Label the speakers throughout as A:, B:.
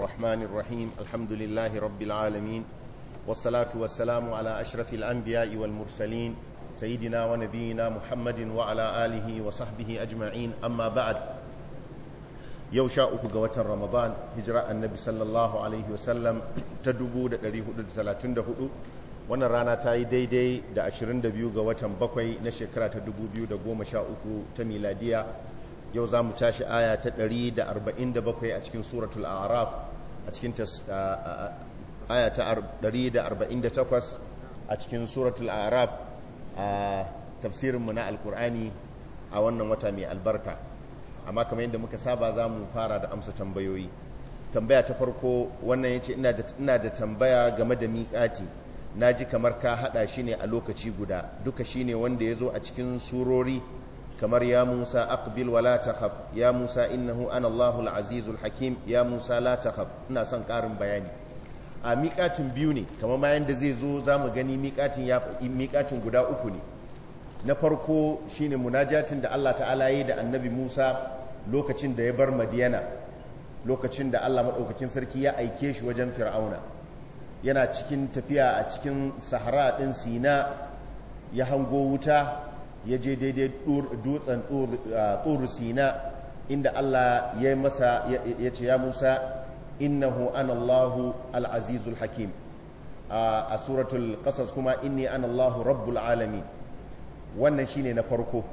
A: الرحمن الرحيم الحمد لله رب العالمين والصلاة والسلام على أشرف الأنبياء والمرسلين سيدنا ونبينا محمد وعلى آله وصحبه أجمعين أما بعد يوشاء قوة رمضان هجراء النبي صلى الله عليه وسلم تدبو دقريه دلسلاتون دهؤو wannan rana ta yi daidai da 22 ga watan bakwai na shekara ta 2013 ta miladiya yau za mu tashi aya ta 147 a cikin suratul araf a cikin ayata da 148 a cikin suratul araf a tafsirinmu na alkur'ani a wannan wata mai albarka amma kamar yadda muka saba za mu fara da amsa tambayoyi tambaya ta farko wannan ya ce ina da tambaya game da miƙati na ji kamar ka haɗa shi ne a lokaci guda duka shi ne wanda ya zo a cikin surori kamar ya Musa aqbil wa la ya Musa innahu ana Allahul Azizul Hakim ya Musa la ina son karin bayani a miƙatin biyu ne kamar bayan da zai zo zamu gani miƙatin guda uku ne na farko shine munajatin da Allah ta'ala yi da Annabi Musa lokacin da ya bar Madiyana lokacin da Allah madaukakin sarki ya aike shi wajen Fir'auna yana cikin tafiya a cikin Sahara ɗin Sina ya hango wuta ya je daidai dutsen tsoro sina inda Allah ya masa ya ce ya Musa innahu ana Allahu al hakim a suratul qasas kuma inni ana Allahu rabbul alamin wannan shine na farko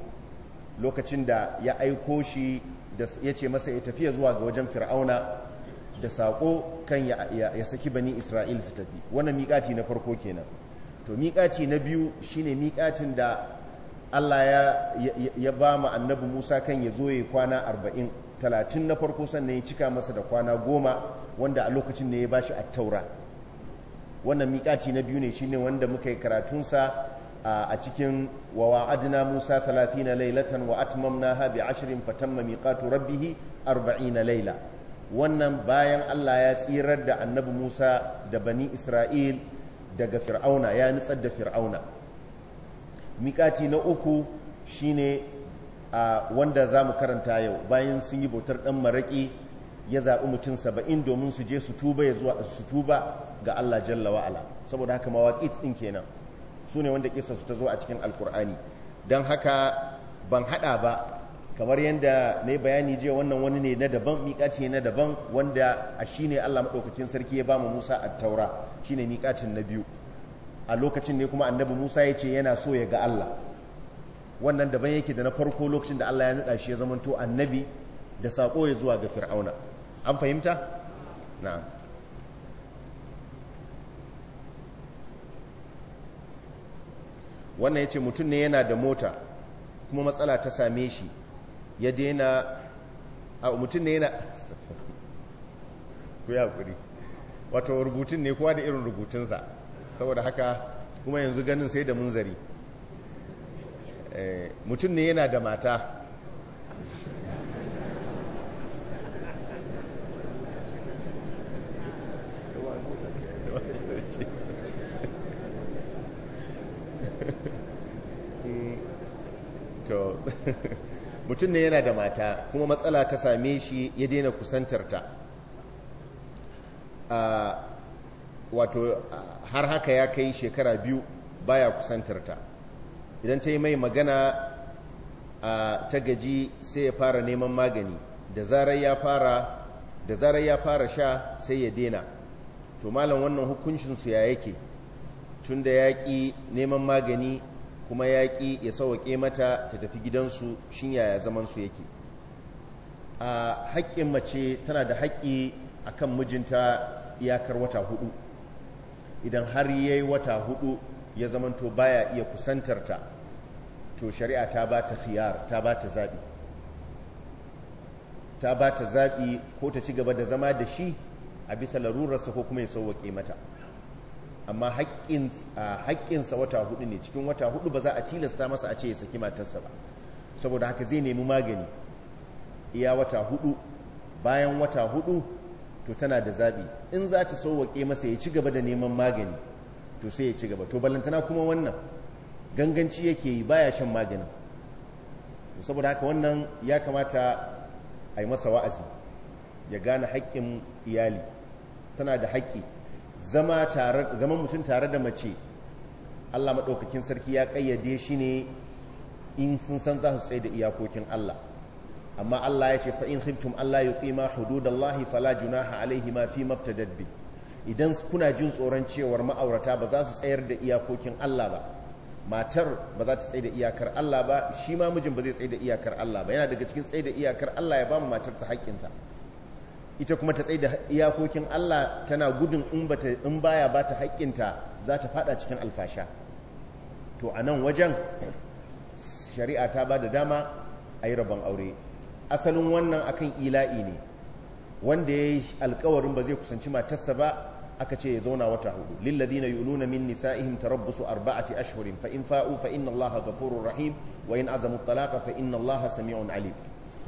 A: lokacin da ya aiko shi ya ce masa ya tafiya zuwa ga wajen fir'auna da saƙo kan ya saki bani isra'il su tafi wannan miƙati na farko kenan to miƙati na biyu shine miƙatin da Allah ya ba mu annabi Musa kan ya zo ya kwana arba'in talatin na farko sannan ya cika masa da kwana goma wanda a lokacin ne ya ba shi a taura wannan miƙaci na biyu ne shi ne wanda muka yi karatunsa a cikin wa wa'adna Musa 30 lailatan wa atmamnaha bi 'ashrin fatamma miqatu arba'in 40 laila wannan bayan Allah ya tsirar da annabi Musa da bani Isra'il daga Fir'auna ya nutsar da Fir'auna miƙati na uku shine a wanda za mu karanta yau bayan sun yi bautar ɗan maraƙi ya zaɓi mutum saba'in domin su je su tuba ya zuwa su tuba ga Allah jalla wa'ala saboda haka mawaƙit ɗin kenan su ne wanda ƙisa su ta zo a cikin alkur'ani don haka ban haɗa ba kamar yadda na yi bayani jiya wannan wani ne na daban miƙati na daban wanda a shi ne Allah maɗaukakin sarki ya ba mu Musa a taura shi ne miƙatin na biyu a lokacin ne kuma annabi Musa ya ce yana so ya ga Allah wannan daban yake da na farko lokacin da Allah ya naɗa shi ya zamanto annabi da saƙo ya zuwa ga fir'auna an fahimta? na'am wannan ya ce mutum ne yana da mota kuma matsala ta same shi ya daina a mutum ne yana ku ya haƙuri wato rubutun ne kuwa da irin rubutunsa saboda haka kuma yanzu ganin sai da munzari eh, mutum ne yana da mata mutum ne yana da mata kuma matsala ta same shi ya daina kusantarta. Ah, wato har haka ya kai shekara biyu baya kusantar ta idan ta yi mai magana a ta gaji sai ya fara neman magani da zarar ya fara da zarar ya fara sha sai ya dena to malam wannan su ya yake tun da ya neman magani kuma ya ya sauwaƙe mata ta tafi gidansu shin yaya zaman su yake a haƙƙin mace tana da haƙƙi akan mijinta iyakar wata hudu idan har ya yi wata hudu ya zamanto baya iya kusantarta to shari'a ta ba ta khiyar ta ba ta zaɓi ta ba ta zaɓi ko ta ci gaba da zama da shi a bisa larurarsa ko kuma ya sauwaƙe mata amma haƙƙinsa wata hudu ne cikin wata hudu ba za a tilasta masa a ce ya saki matarsa ba saboda haka zai nemi magani iya wata hudu bayan wata hudu to tana da zaɓi in za ta sauwaƙe masa ya ci gaba da neman magani to sai ya ci gaba to ballantana kuma wannan ganganci yake yi baya shan magani to saboda haka wannan ya kamata a yi masa wa'azi ya gane haƙƙin iyali tana da haƙƙi zama mutum tare da mace Allah maɗaukakin sarki ya ƙayyade shi ne in sun san za su tsaye da iyakokin Allah amma Allah ya ce fa in khiftum Allah yuqima hududallahi fala junaha alaihi ma fi mafta dadbi idan kuna jin tsoron cewar ma'aurata ba za su tsayar da iyakokin Allah ba matar ba za ta tsaye da iyakar Allah ba shi ma mijin ba zai tsaye da iyakar Allah ba yana daga cikin tsaye da iyakar Allah ya ba mu matar ta haƙƙinta ita kuma ta tsaye da iyakokin Allah tana gudun in bata in baya ba ta haƙƙinta za ta fada cikin alfasha to a nan wajen shari'a ta ba da dama a rabon aure asalin wannan akan ila'i ne wanda ya yi alkawarin ba zai kusanci matarsa ba aka ce ya zauna wata hudu lilladina yuluna min nisa'ihim tarabbusu arba'ati ashhurin fa in fa'u fa inna allaha ghafurur rahim wa in azamu talaqa fa inna allaha sami'un alim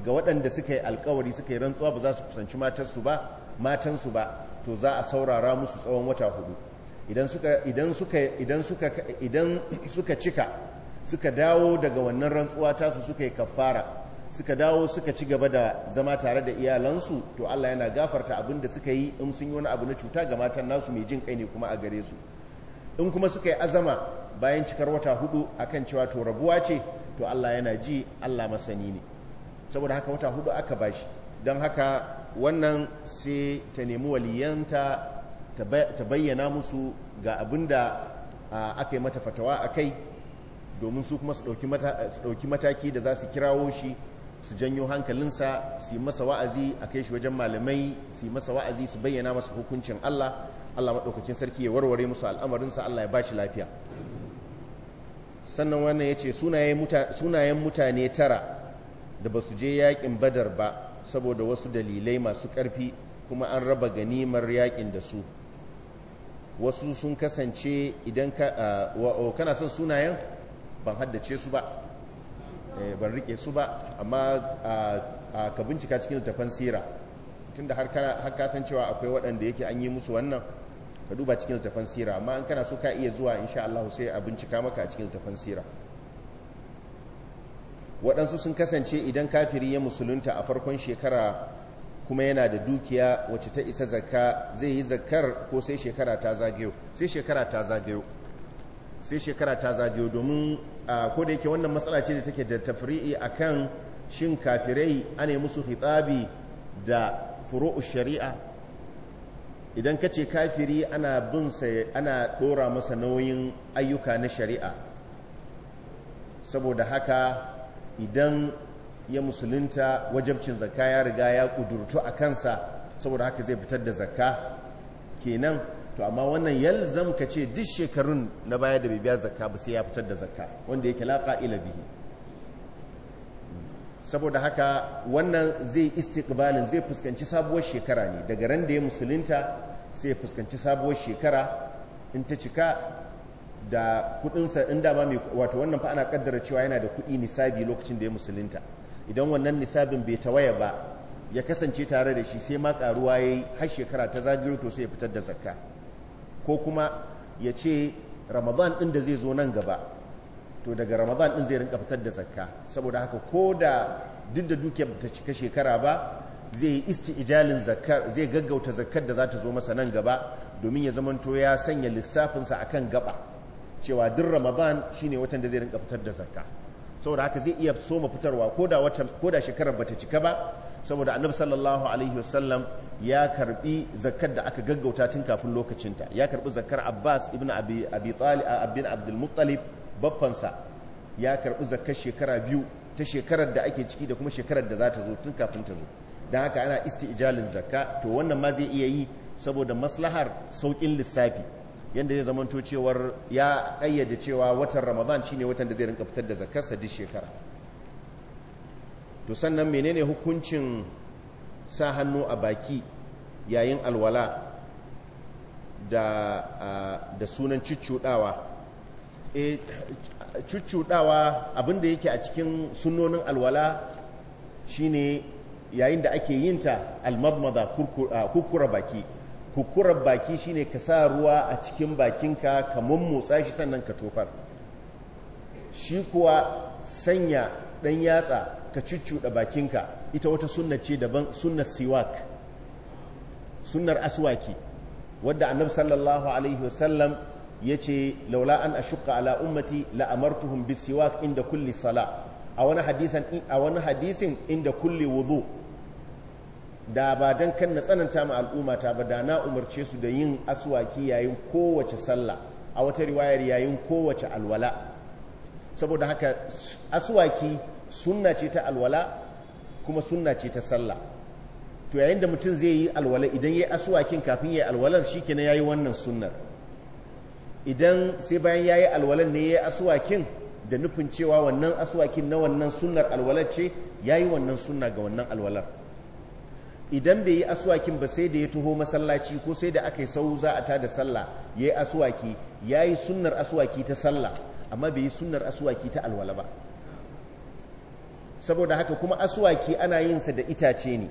A: ga waɗanda suka yi alkawari suka yi rantsuwa ba za su kusanci matarsu ba matansu ba to za a saurara musu tsawon wata hudu idan suka idan suka idan suka idan suka cika suka dawo daga wannan rantsuwa tasu suka yi kaffara suka dawo suka ci gaba da zama tare da iyalansu to Allah yana gafarta abin da suka yi in sun yi wani abu na cuta ga matan nasu mai jin kai ne kuma a gare su in kuma suka yi azama bayan cikar wata hudu akan cewa to rabuwa ce to Allah yana ji Allah masani ne saboda haka wata hudu aka bashi don haka wannan sai ta nemi waliyanta ta bayyana musu ga abin da aka yi mata fatawa a kai domin su kuma su ɗauki mataki da za su kirawo shi su janyo hankalinsa su yi masa wa'azi a kai shi wajen malamai su masa wa'azi su bayyana masa hukuncin Allah Allah maɗaukakin sarki ya warware musu al'amarinsa Allah ya ba shi lafiya sannan wannan ya ce sunayen mutane tara da ba su je yaƙin badar ba saboda wasu dalilai masu ƙarfi kuma an raba ganimar yaƙin da su wasu sun kasance idan kana son sunayen ban haddace su ba Eh, ban rike su ba amma ka bincika cikin littafan sira tun da har kasan cewa akwai waɗanda yake an yi musu wannan ka duba cikin littafan sira amma an kana so ka iya zuwa insha Allah sai a bincika maka a cikin littafan sira waɗansu sun kasance idan kafiri ya musulunta a farkon shekara kuma yana da dukiya wacce ta isa zakka zai yi zakkar ko sai shekara ta zagayo sai shekara ta zagayo sai shekara ta zagayo domin ko da yake wannan matsala ce da take da tafri'i akan shin kafirai ana musu hitabi da furu'u shari'a idan ka ce kafiri ana bin ana dora masa nauyin ayyuka na shari'a saboda haka idan ya musulunta wajabcin zakka ya riga ya kudurtu a kansa saboda haka zai fitar da zakka kenan to amma wannan yalzam ka ce duk shekarun na baya da bibiya zakka ba sai ya fitar da zakka wanda yake laƙa ila bihi saboda haka wannan zai istiqbalin zai fuskanci sabuwar shekara ne daga ran da ya musulunta sai ya fuskanci sabuwar shekara in ta cika da kudinsa in dama mai wato wannan fa ana kaddara cewa yana da kudi nisabi lokacin da ya musulunta idan wannan nisabin bai tawaya ba ya kasance tare da shi sai ma karuwa yayi har shekara ta zagiro to sai ya fitar da zakka ko kuma ya ce ramadan ɗin da zai zo nan gaba to daga ramadan ɗin zai rinka fitar da zakka saboda haka ko da duk da dukiyar ta cika shekara ba zai yi isti'ijalin zakkar zai gaggauta zakkar da za ta zo masa nan gaba domin ya zamanto ya sanya lissafinsa a kan gaba cewa duk ramadan shine watan da zai rinka fitar da zakka saboda haka zai iya soma fitarwa ko da shekarar bata cika ba saboda annabi sallallahu alaihi wasallam ya karbi zakkar da aka gaggauta tun kafin lokacinta ya karbi zakkar abbas ibn abi abi talib abin abdul muttalib sa ya karbi zakkar shekara biyu ta shekarar da ake ciki da kuma shekarar da za ta zo tun kafin ta zo dan haka ana isti'jalin zakka to wannan ma zai iya yi saboda maslahar saukin lissafi yadda zai zamanto cewar ya ayyade cewa watan ramadan shine watan da zai rinka fitar da sa duk shekara to sannan menene hukuncin sa hannu a baki yayin alwala da, da sunan cuccuɗawa e cuccuɗawa abinda yake a cikin sunonin alwala shine yayin da ake yinta almadmada kukura baki kukura baki shine ka sa ruwa a cikin bakinka ka mummutsa shi sannan ka tofar shi kuwa sanya ɗan yatsa ka cuccuɗa bakinka ita wata sunna ce daban sunnar siwak sunnar aswaki wadda annabi sallallahu alaihi wasallam ya ce laula an shuka ala ummati la amartuhum bisiwak inda kulli sala a wani hadisin a wani hadisin inda kulli wudu da ba dan kan na tsananta ma al'umma ta ba da na umarce su da yin aswaki yayin kowace sallah a wata riwayar yayin kowace alwala saboda haka aswaki sunna ce ta alwala kuma sunna ce ta sallah to yayin da mutum zai yi alwala idan ya yi asuwakin kafin ya yi alwalar shi ya yi wannan sunnar idan sai bayan ya yi alwalar ne ya yi asuwakin da nufin cewa wannan asuwakin na wannan sunnar alwalar ce ya yi wannan sunna ga wannan alwalar idan bai yi asuwakin ba sai da ya taho masallaci ko sai da aka yi sau za a da sallah ya yi asuwaki ya yi sunnar asuwaki ta sallah amma bai yi sunar asuwaki ta alwala ba saboda haka kuma aswaki ana yin sa da itace ne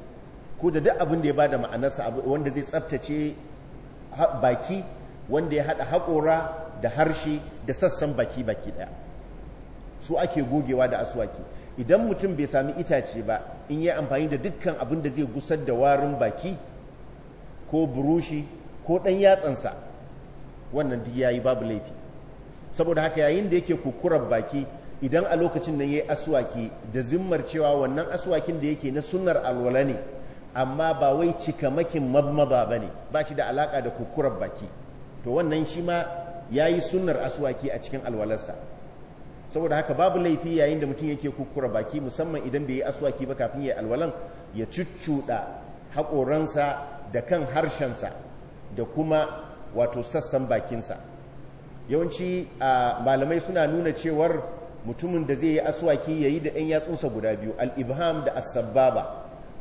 A: ko da duk abin da ya bada ma'anarsa wanda zai tsaftace baki wanda ya hada haƙora da harshe da sassan baki baki daya su ake gogewa da aswaki idan mutum bai sami itace ba in yi amfani da dukkan abin da zai gusar da warin baki ko burushi ko ɗan yatsansa wannan duk yayi babu laifi saboda haka yayin da yake kukurar baki idan a lokacin nan yi aswaki da zimmar cewa wannan aswakin da yake na sunar alwala ne amma ba wai cikamakin ba bane ba shi da alaka da kukurar baki to wannan shi ma ya yi sunar aswaki a cikin alwalarsa saboda haka babu laifi yayin da mutum yake kukura baki musamman idan bai yi aswaki ba kafin ya yi alwalan ya cuccuɗa haƙoransa da kan harshensa da kuma wato sassan bakinsa yawanci malamai suna nuna cewar mutumin da zai yi aswaki yayi da ɗan yatsunsa guda biyu alibham da as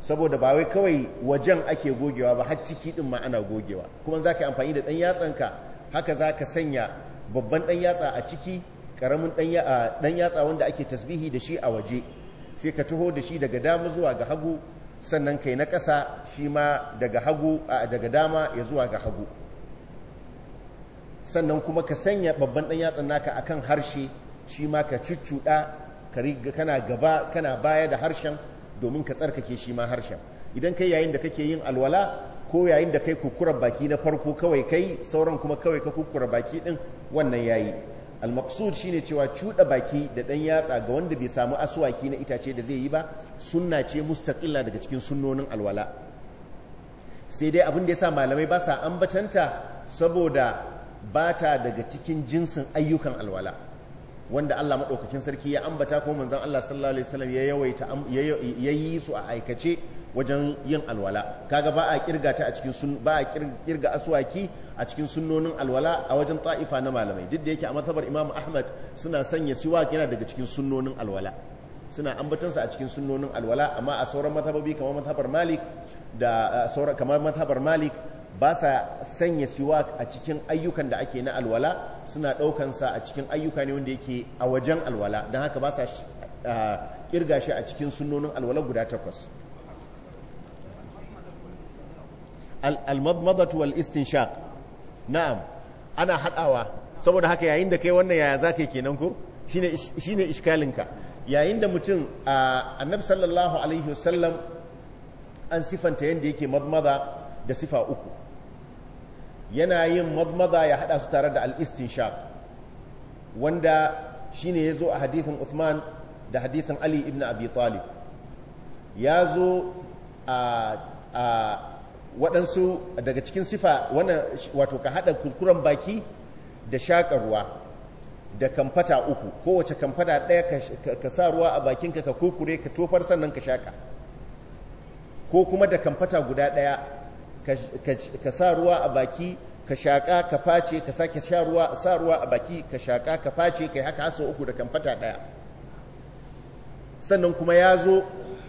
A: saboda ba wai kawai wajen ake gogewa ba har ciki din ma ana gogewa kuma zaka yi amfani da ɗan yatsanka haka za ka sanya babban ɗan yatsa a ciki ƙaramin ɗan yatsa wanda ake tasbihi da shi a waje sai ka taho da shi daga dama zuwa ga hagu sannan kai na ƙasa shi ma daga hagu daga dama ya zuwa ga hagu sannan kuma ka sanya babban ɗan yatsan naka akan harshe shi ma ka cuccuɗa kana gaba kana baya da harshen domin ka tsarkake shi ma harshen idan kai yayin da kake yin alwala ko yayin da kai kukura baki na farko kawai kai sauran kuma kawai ka kukura baki din wannan yayi al-maqsud shine cewa cuɗa baki da dan yatsa ga wanda bai samu aswaki na itace da zai yi ba sunna ce mustaqilla daga cikin sunnonin alwala sai dai abin da yasa malamai ba sa ambatanta saboda bata daga cikin jinsin ayyukan alwala wanda Allah maɗaukakin sarki ya ambata ko manzan Allah sallallahu alaihi wasallam ya yawaita ya yi su a aikace wajen yin alwala kaga ba a kirga ta a cikin sun ba a kirga aswaki a cikin sunnonin alwala a wajen ta'ifa na malamai duk da yake a mazhabar Imam Ahmad suna sanya siwak yana daga cikin sunnonin alwala suna ambatansa a cikin sunnonin alwala amma a sauran mazhabobi kamar mazhabar Malik da sauran kamar mazhabar Malik ba sa sanya siwak a cikin ayyukan da ake na alwala suna ɗaukansa a cikin ayyuka ne wanda yake a wajen alwala don haka ba sa ah, kirga shi a cikin sunonin alwala guda takwas al-madmadatu wal istinshaq na'am ana hadawa saboda haka yayin da kai wannan yaya zaka kenan ko shine iskalinka yayin da mutum ah, annabi sallallahu alaihi wasallam an sifanta yadda yake madmada da sifa uku yana yin mazmaza ya hada su tare da al-istinshaq wanda shine yazo a hadithin Uthman da hadisin Ali ibn Abi Talib yazo a a waɗansu daga cikin sifa wannan wato ka hada kurkuren baki da shaƙar da kamfata uku kowace kamfata ɗaya ka sa ruwa a bakinka ka kurkure ka tofar sannan ka shaka ko kuma da kamfata guda ɗaya ka sa ruwa a baki ka shaƙa ka face ka sake sa ruwa a baki ka shaƙa ka face kai haka haso uku da kamfata ɗaya sannan kuma ya zo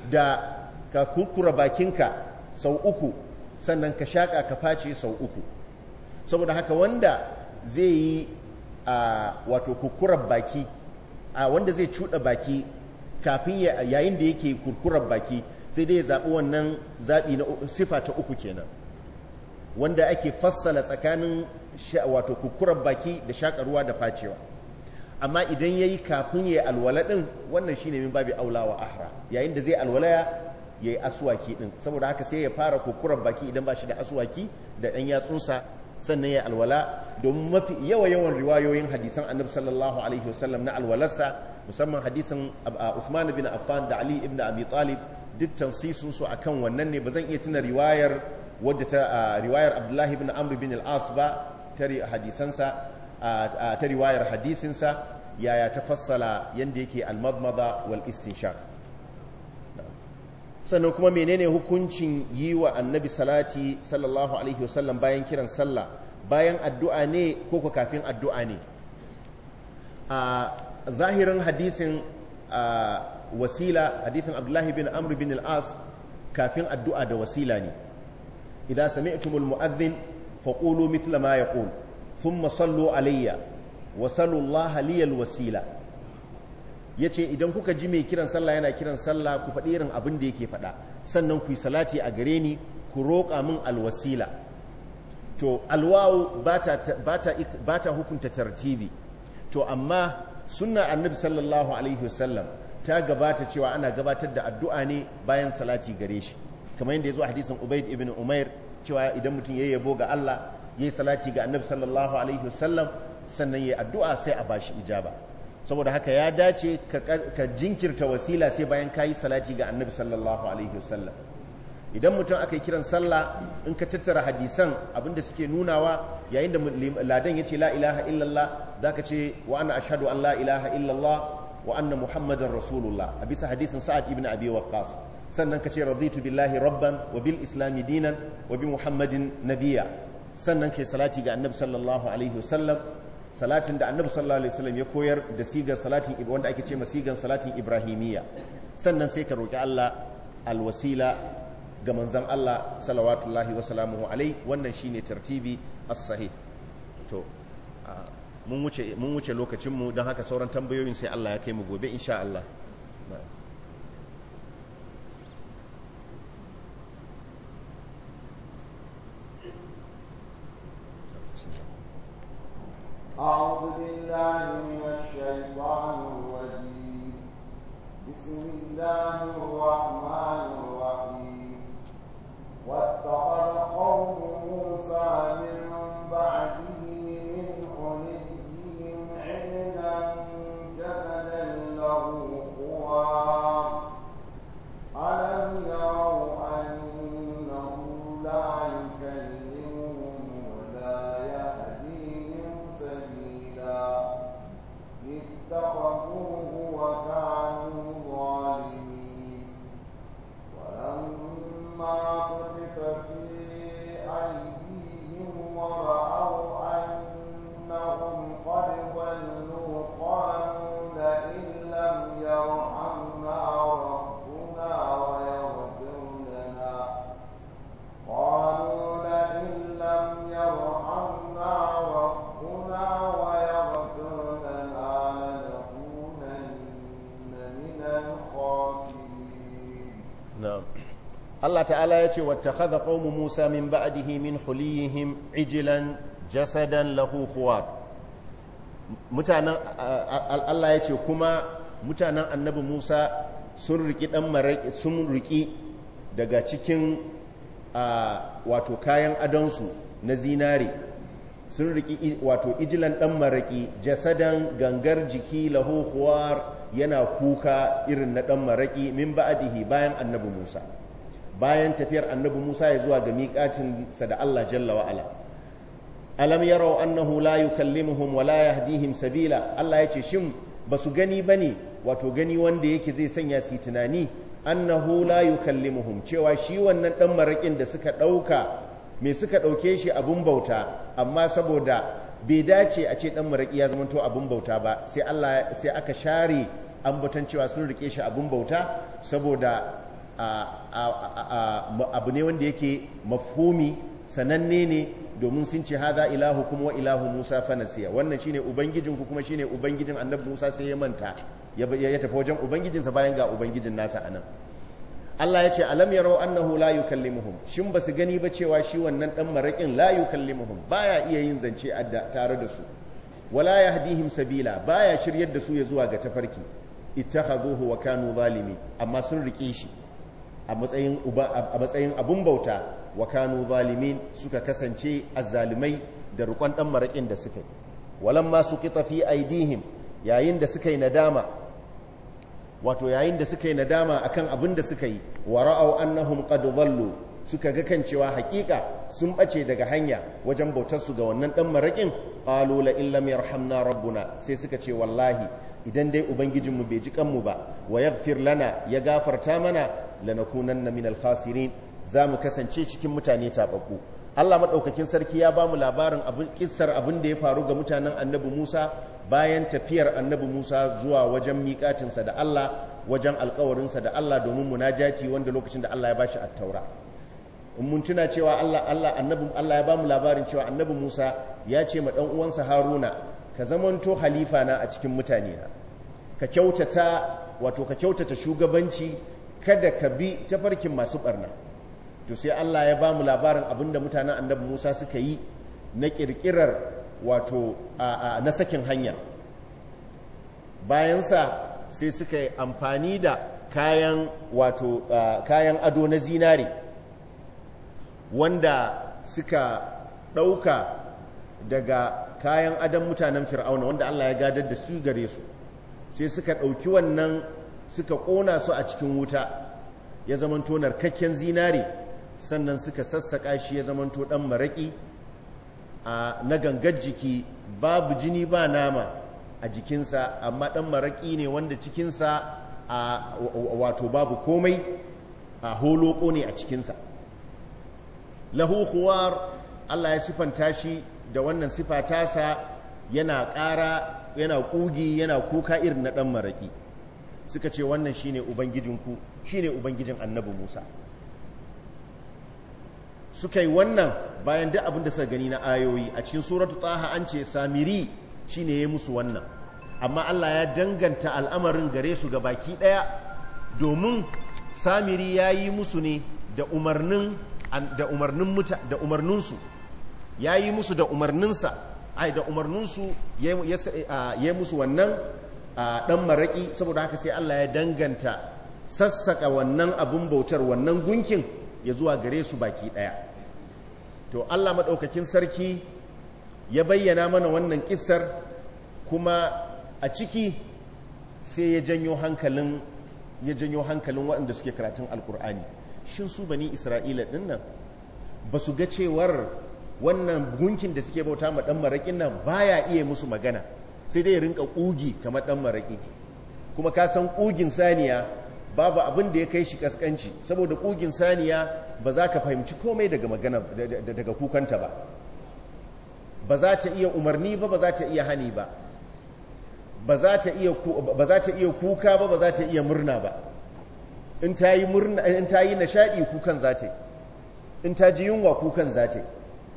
A: da ka kukura bakinka sau uku sannan ka shaƙa ka face sau uku saboda haka wanda zai yi a wato kukura baki a wanda zai cuɗa baki kafin yayin da yake kurkurar baki sai dai ya zaɓi wannan zaɓi na sifa ta uku kenan wanda ake fassala tsakanin wato kukurar baki da shakarwa da facewa amma idan yayi kafin ya yi alwala ɗin wannan shine min babi aulawa ahra yayin da zai alwala yi asuwaki din saboda haka sai ya fara kukurar baki idan ba shi da asuwaki da ɗan yatsunsa sannan ya alwala domin mafi yawa yawan riwayoyin hadisan annabi sallallahu alaihi wasallam na alwalarsa musamman hadisan Usman bin Affan da Ali ibn Abi Talib duk tansisun su akan wannan ne ba zan iya tuna riwayar wadda ta riwayar abdullahi bin Amri bin al-as ba ta riwayar hadisinsa yaya ta fassala yadda yake al-madmada wal istinshaq sannan kuma menene hukuncin yi wa annabi salati sallallahu alaihi wasallam bayan kiran sallah bayan addu'a ne ko kafin addu'a ne a zahirin hadisin wasila hadisin abdullahi bin Amri bin al-as kafin addu'a da wasila ne إذا سمعتم المؤذن فقولوا مثل ما يقول ثم صلوا علي وصلوا الله لي الوسيلة yace idan kuka ji mai kiran sallah yana kiran sallah ku faɗi irin abin da yake faɗa sannan ku yi salati a gare ni ku roƙa min alwasila to alwawu ba ta hukunta tartibi to amma sunna annabi sallallahu alaihi wasallam ta gabata cewa ana gabatar da addu'a ne bayan salati gare shi kamar yadda ya zo a hadisin ubaid ibn umair cewa idan mutum ya yabo ga Allah ya yi salati ga annabi sallallahu alaihi wasallam sannan ya yi addu'a sai a bashi ijaba saboda haka ya dace ka jinkirta wasila sai bayan ka yi salati ga annabi sallallahu alaihi wasallam idan mutum aka yi kiran sallah in ka tattara hadisan abinda suke nunawa yayin da ladan ya ce la ilaha illallah za ka ce wa ana ashadu an la ilaha illallah wa anna muhammadan rasulullah a bisa hadisin sa'ad ibn abi waqqas sannan ka ce raditu billahi rabban wa bil islami dinan wa bi muhammadin nabiya sannan kai salati ga annabi sallallahu alaihi wa sallam salatin da annabi sallallahu alaihi wa sallam ya koyar da sigar salatin wanda ake ce masigan salatin ibrahimiyya sannan sai ka roki Allah alwasila ga manzon Allah salawatullahi wa salamuhu alaihi wannan shine tartibi as-sahih to mun wuce mun wuce lokacin mu don haka sauran tambayoyin sai Allah ya kai mu gobe insha Allah
B: أعوذ بالله من الشيطان الرجيم بسم الله الرحمن الرحيم واتخذ قوم موسى من بعده من حليهم عجلا جسدا له خوار ألم يروا أنه لا يفعل اتخذوه وكانوا ظالمين ولما صرف في أيديهم ورأوا أنهم قد ضلوا قالوا لئن لم يرحموا
A: Allah ta'ala ya ce wattakhadha qaumu Musa min ba'dihi min huliyihim ijilan jasadan lahu mutanen Allah ya ce kuma mutanen annabi Musa sun riki dan maraki sun riki daga cikin wato kayan adonsu na zinare sun riki wato ijilan dan maraki jasadan gangar jiki lahu yana kuka irin na dan maraki min ba'dihi bayan annabi Musa bayan tafiyar annabi Musa ya zuwa ga miƙacinsa da Allah jalla wa'ala alam yarau annahu la muhum wa la hadihim sabila Allah ya ce shin ba su gani ba ne. wato gani wanda yake zai sanya su tunani annahu la yukallimuhum cewa shi wannan ɗan marakin da suka ɗauka mai suka ɗauke shi abun bauta amma saboda bai dace a ce ɗan maraki ya zamanto abun bauta ba sai Allah sai aka share an ambaton cewa sun rike shi abun bauta saboda abu ne wanda yake mafhumi sananne ne domin sun ce haza ilahu kuma wa ilahu Musa fanasiya wannan shine ubangijinku kuma shine ubangijin annabi Musa sai ya manta ya tafi wajen ubangijinsa bayan ga ubangijin nasa anan Allah ya ce alam ya yarau annahu kalli yukallimuhum shin ba su gani ba cewa shi wannan dan marakin la yukallimuhum baya iya yin zance tare da su wala yahdihim sabila baya shiryar da su ya zuwa ga tafarki ittakhadhuhu wa kanu zalimi amma sun rike shi a matsayin abun bauta wa kanu zalimin suka kasance azzalimai da rukon dan maraƙin da suka yi walamma masu fi aidihim yayin da suka yi nadama wato yayin da suka yi nadama akan abin da suka yi wa ra'au annahum qad dhallu suka ga kan cewa hakika sun bace daga hanya wajen bautar su ga wannan dan marakin qalu la illam yarhamna rabbuna sai suka ce wallahi idan dai ubangijinmu bai ji kanmu ba wa yaghfir lana ya gafarta mana na minal khasirin za mu kasance cikin mutane tababbu Allah maɗaukakin sarki ya ba mu labarin ƙisar abin da ya faru ga mutanen annabi Musa bayan tafiyar annabi Musa zuwa wajen miƙatinsa da Allah wajen alƙawarinsa da Allah domin munajati wanda lokacin da Allah ya bashi attaura in mun tuna cewa Allah ya ba mu labarin cewa annabi Musa ya ce ma dan uwansa Haruna ka zamanto halifa na a cikin mutane na wato ka kyautata shugabanci kada ka bi tafarkin masu barna to sai Allah ya ba mu labarin abinda mutanen annabi Musa suka yi na kirkirar wato na sakin hanya bayansa sai suka yi amfani da kayan wato kayan ado na zinare wanda suka ɗauka daga kayan adon mutanen fir'auna wanda Allah ya gadar da su gare su sai suka ɗauki wannan suka ƙona su a cikin wuta ya zamanto narkakken zinare sannan suka sassaƙa shi ya zamanto ɗan maraƙi na gangar jiki babu jini ba nama a jikinsa amma ɗan maraƙi ne wanda cikinsa wato babu komai a holoko ne a cikinsa lahu Allah ya sifanta shi da wannan sifatasa yana ƙara yana ƙugi yana kuka irin na ɗan maraƙi suka ce wannan shine ubangijinku shine ubangijin annabi Musa suka yi wannan bayan duk abin da suka gani na ayoyi a cikin suratu taha an ce samiri shine ya musu wannan amma Allah ya danganta al'amarin gare su ga baki daya domin samiri ya yi musu ne da umarnin da umarnin muta da umarninsu yayi yayi musu da sa ai da umarnin ya yayi musu wannan A ɗan maraƙi saboda haka sai Allah ya danganta sassaƙa wannan abun bautar wannan gunkin ya zuwa gare su baki ɗaya. to Allah maɗaukakin sarki ya bayyana mana wannan ƙisar kuma a ciki sai ya janyo hankalin ya janyo hankalin waɗanda suke karatun alkur'ani shin su bani isra'ila ɗin nan ba su ga cewar wannan gunkin da suke bauta ma ɗan maraƙin nan baya iya musu magana sai dai rinka kugi kamar dan maraki kuma ka san kugin saniya babu abin da ya kai shi kaskanci saboda kugin saniya ba za ka fahimci komai daga magana daga kukanta ba ba za ta iya umarni ba ba za ta iya hani ba ba za ta iya kuka ba ba za ta iya murna ba in ta yi nishaɗi kukan za ta yi in ta ji yunwa kukan za ta yi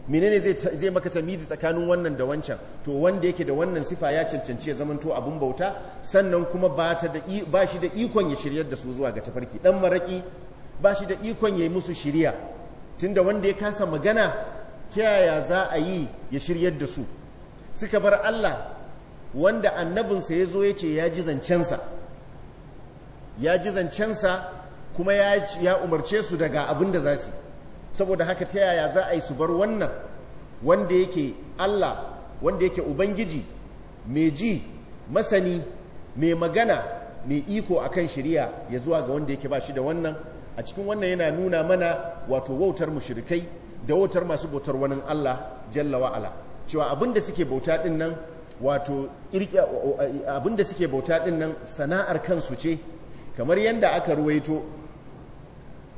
A: menene zai maka tamizi tsakanin wannan da wancan to wanda yake da wannan sifa ya cancanci ya zamanto abun bauta sannan kuma ba shi da ikon ya shiryar da su zuwa ga tafarki dan maraki ba shi da ikon ya yi musu shiriya tunda wanda ya kasa magana ta yaya za a yi ya shiryar da su suka bar Allah wanda annabinsa ya zo ya ce ya ji zancensa ya ji zancensa kuma ya umarce su daga abin da za su yi saboda haka ta yaya za a yi su bar wannan wanda yake Allah wanda yake ubangiji mai ji masani mai magana mai iko a kan shirya ya zuwa ga wanda yake ba shi da wannan a cikin wannan yana nuna mana wato wautar mushirikai da wautar masu bautar wani Allah jalla wa'ala cewa abinda suke bauta din nan wato abinda suke bauta din nan sana'ar kansu ce kamar yadda aka ruwaito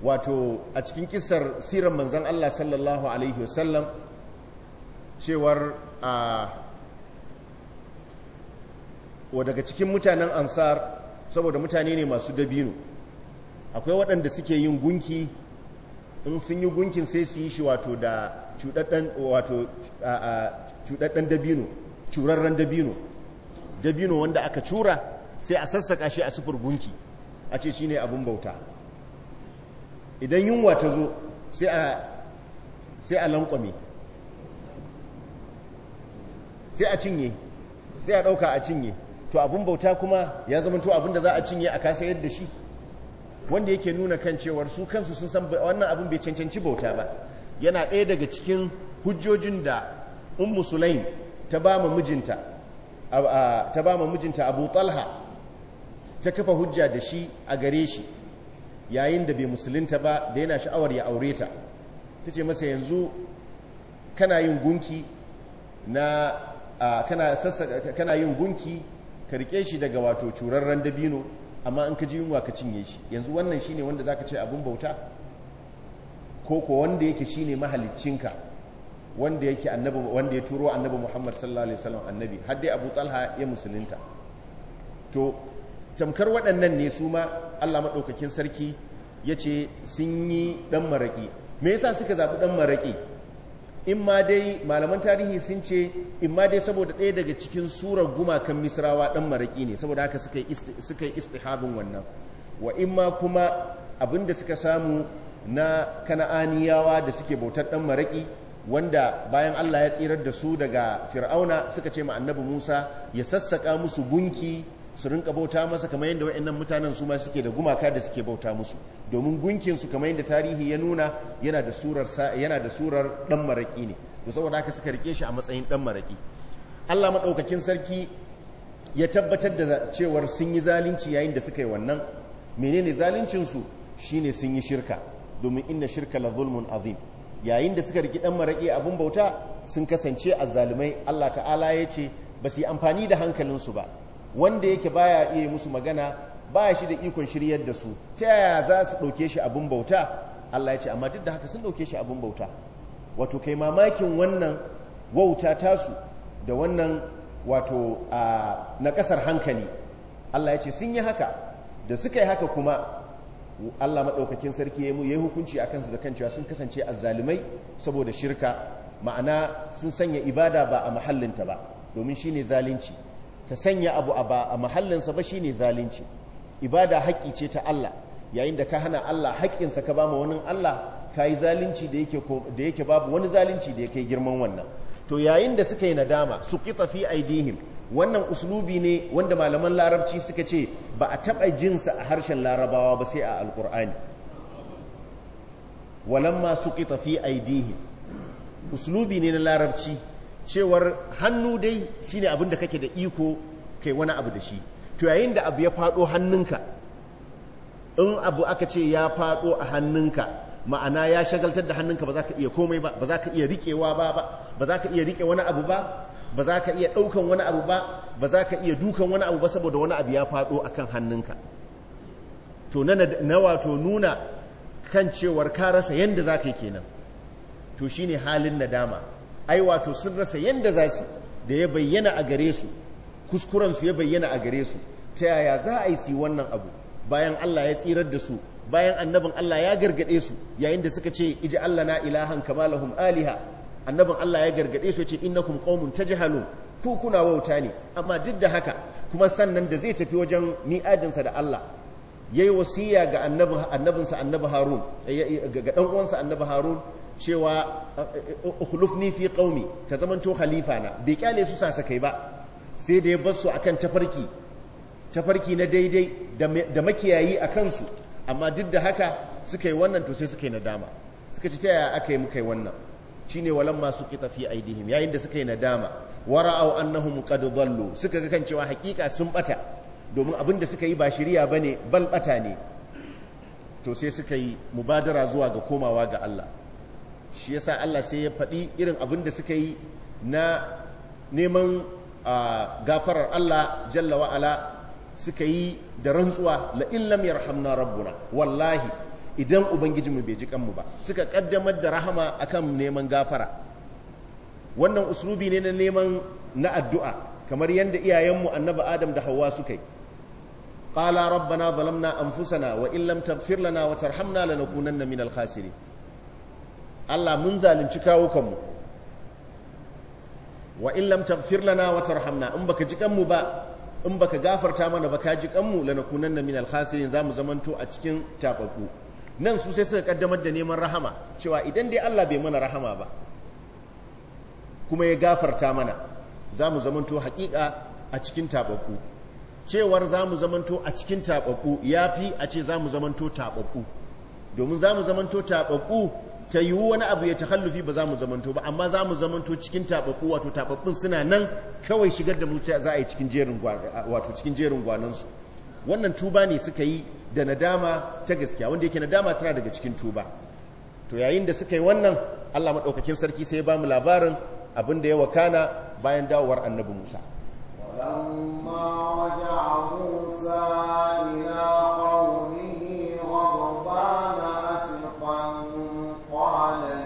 A: wato a cikin kisar siran manzan Allah sallallahu alaihi wasallam cewar a wa daga cikin mutanen ansar saboda mutane ne masu dabino akwai waɗanda suke yin gunki in sun yi gunkin sai su yi shi wato da cuɗaɗɗen dabino curarren dabino dabino wanda aka cura sai a sassaƙa shi a sufur gunki a ce shi ne abin bauta idan yunwa ta zo sai a lankwame sai a cinye sai a ɗauka a cinye to abin bauta kuma ya zama to abin da za a cinye a kasa yadda shi wanda yake nuna kan cewar su kansu sun san wannan abin bai cancanci bauta ba yana ɗaya daga cikin hujjojin da un musulai ta ba ma mijinta ta ba ma mijinta abu talha ta kafa hujja da shi a gare shi yayin da bai musulunta ba da yana sha'awar ya aure ta ta ce masa yanzu kana yin gunki na kana yin gunki ka rike shi daga wato curarren dabino amma in ka ji yunwa ka cinye shi yanzu wannan shine wanda zaka ce abin bauta ko ko wanda yake shine mahalicinka wanda yake annabi wanda ya turo annabi Muhammad sallallahu alaihi wasallam annabi har dai Abu Talha ya musulunta to tamkar waɗannan ne su ma Allah maɗaukakin sarki ya ce sun yi ɗan maraƙi me yasa suka zaɓi ɗan maraƙi in ma dai malaman tarihi sun ce in ma dai saboda ɗaya daga cikin surar gumakan misrawa ɗan maraƙi ne saboda haka suka yi istihabin wannan wa in ma kuma abin da suka samu na kana'aniyawa da suke bautar ɗan maraƙi wanda bayan Allah ya tsirar da su daga fir'auna suka ce ma annabi Musa ya sassaƙa musu gunki su rinka bauta masa kamar yadda waɗannan mutanen su ma suke da gumaka da suke bauta musu domin gunkin su kamar yadda tarihi ya nuna yana da surar yana da surar dan maraki ne to saboda haka suka rike shi a matsayin dan maraki Allah madaukakin sarki ya tabbatar da cewar sun yi zalunci yayin da suka yi wannan menene zaluncin su shine sun yi shirka domin inna shirka la zulmun azim yayin da suka rike dan maraki abun bauta sun kasance azzalumai Allah ta'ala ya ce ba su yi amfani da hankalinsu ba wanda yake baya iya musu magana ba shi da ikon shiryar da su ta yaya za su ɗauke shi abin bauta Allah ya ce amma duk da haka sun ɗauke shi abin bauta wato kai mamakin wannan wauta tasu da wannan wato na ƙasar hankali Allah ya ce sun yi haka da suka yi haka kuma Allah maɗaukakin sarki ya yi hukunci a kansu da kan cewa sun kasance azzalumai saboda shirka ma'ana sun sanya ibada ba a mahallinta ba domin shine zalunci ka sanya abu a ba mahallinsa ba shine zalunci ibada haƙƙi ce ta Allah yayin da ka hana Allah haƙƙinsa ka ba ma wani Allah ka yi zalunci da yake babu wani zalunci da ya kai girman wannan to yayin da suka yi nadama su kita fi aidihim wannan uslubi ne wanda malaman larabci suka ce ba a taɓa jinsa a harshen larabawa ba sai a alƙur'ani walamma su kita fi aidihim uslubi ne na larabci cewar hannu dai shine abin da kake da iko kai wani abu da shi to yayin da abu ya fado hannunka in abu aka ce ya fado a hannunka ma'ana ya shagaltar da hannunka ba za ka iya komai ba ba za ka iya riƙewa ba ba za ka iya riƙe wani abu ba ba za ka iya ɗaukan wani abu ba ba za ka iya dukan wani abu ba saboda wani abu ya fado a kan hannunka to na wato nuna kan cewar ka rasa yadda za ka yi kenan to shine halin nadama ai wato sun rasa yadda za su da ya bayyana a gare su kuskuren ya bayyana a gare su ta yaya za a yi su wannan abu bayan Allah ya tsirar da su bayan annabin Allah ya gargade su yayin da suka ce iji Allah na ilahan kamala aliha annabin Allah ya gargade su ce innakum qaumun tajhalun ku kuna wauta ne amma duk da haka kuma sannan da zai tafi wajen mi'adinsa da Allah yayi wasiya ga annabinsa annabi Harun eh, eh, ga dan uwansa annabi Harun cewa hulufni fi kaumi ka to khalifa na bai kyale su sa sakai ba sai da ya bar su akan tafarki tafarki na daidai da makiyayi a kansu amma duk da haka suka yi wannan to sai suka yi nadama suka ci ta yaya aka yi muka yi wannan shine walan masu kita fi aidihim yayin da suka yi nadama wara'au annahum qad dhallu suka ga kan cewa hakika sun bata domin abin da suka yi ba shiriya bane bal bata ne to sai suka yi mubadara zuwa ga komawa ga Allah shi yasa Allah sai ya faɗi irin abin da suka yi na neman gafarar Allah jalla wa'ala suka yi da rantsuwa la illam yarhamna rabbuna wallahi idan ubangijinmu bai ji kanmu ba suka kaddamar da rahama akan neman gafara wannan uslubi ne na neman na addu'a kamar yadda iyayenmu annabi adam da hawa suka yi qala rabbana zalamna anfusana wa in lam taghfir lana wa tarhamna lanakunanna minal khasirin Allah mun zalunci kawukanmu wa in lam taghfir lana wa tarhamna in baka ji kanmu ba in baka gafarta mana ba ka ji kanmu lanakunanna min al-khasirin zamu zamanto a cikin tafaku nan su sai suka kaddamar da neman rahama cewa idan dai Allah bai mana rahama ba kuma ya gafarta mana zamu zamanto hakika a cikin tafaku cewar zamu zamanto a cikin tafaku yafi a ce zamu zamanto tafaku domin zamu zamanto tafaku ta yiwu wani abu ya takhallufi ba za mu zamanto ba amma za mu zamanto cikin tababbu wato tababbun suna nan kawai shigar da mu za a yi cikin jerin wato gwanansu wannan tuba ne suka yi da nadama ta gaskiya wanda yake nadama tana daga cikin tuba to yayin da suka yi wannan Allah madaukakin sarki sai ya ba mu labarin abin da ya wakana bayan dawowar annabi Musa
B: Musa ila qaumihi ああ、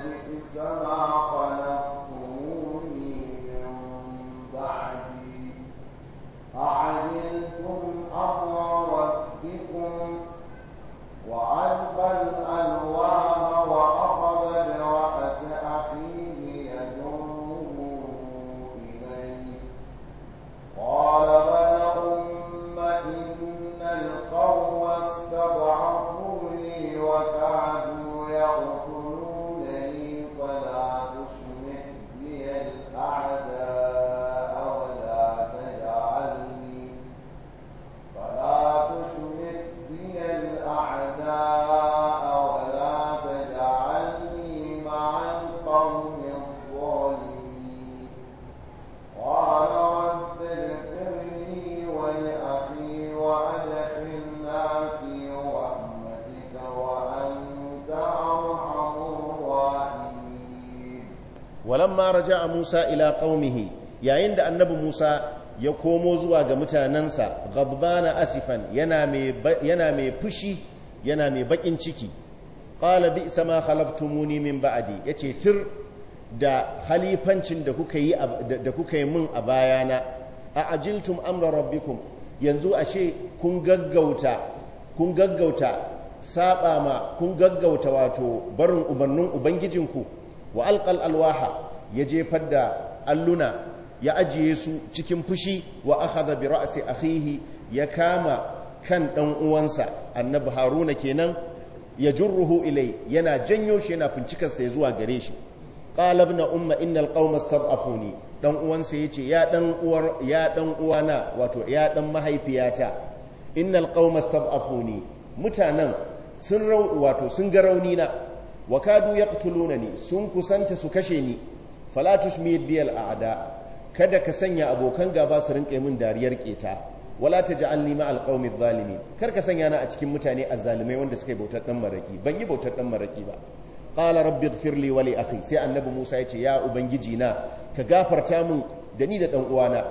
A: falamma a Musa ila qaumihi yayin da annabi Musa ya komo zuwa ga mutanansa ghadbana asifan yana mai fushi yana mai bakin ciki ƙala bi sama khalaftumuni min ba'di yace tir da halifancin da kuka yi da kuka yi min a bayana a ajiltum amra rabbikum yanzu ashe kun gaggauta kun gaggauta saba ma kun gaggauta wato barin ubannin ubangijinku wa alƙal alwaha ya jefar da alluna ya ajiye su cikin fushi wa zabi bi a akhihi ya kama kan dan uwansa annabi haruna kenan ya jurruhu ilai yana janyo shi yana fincikarsa ya zuwa gare shi ƙalab na umma innal qauma stad'afuni dan uwansa yace ya ce ya dan na wato ya dan mahaifiyata innal qauma stad'afuni mutanen sun wato sun ga rauni na wa kadu ne sun kusanta su kashe ni fala biyar a a'da kada ka sanya abokan gaba su rinka min dariyar keta wala taj'alni ma alqawmi adh-dhalimin kar ka sanya na a cikin mutane azzalimai wanda suka yi bautar dan maraki ban yi bautar dan maraki ba qala rabbi ighfir li wa li akhi sai annabi Musa ya ce ya ubangiji na ka gafarta min da ni da dan uwana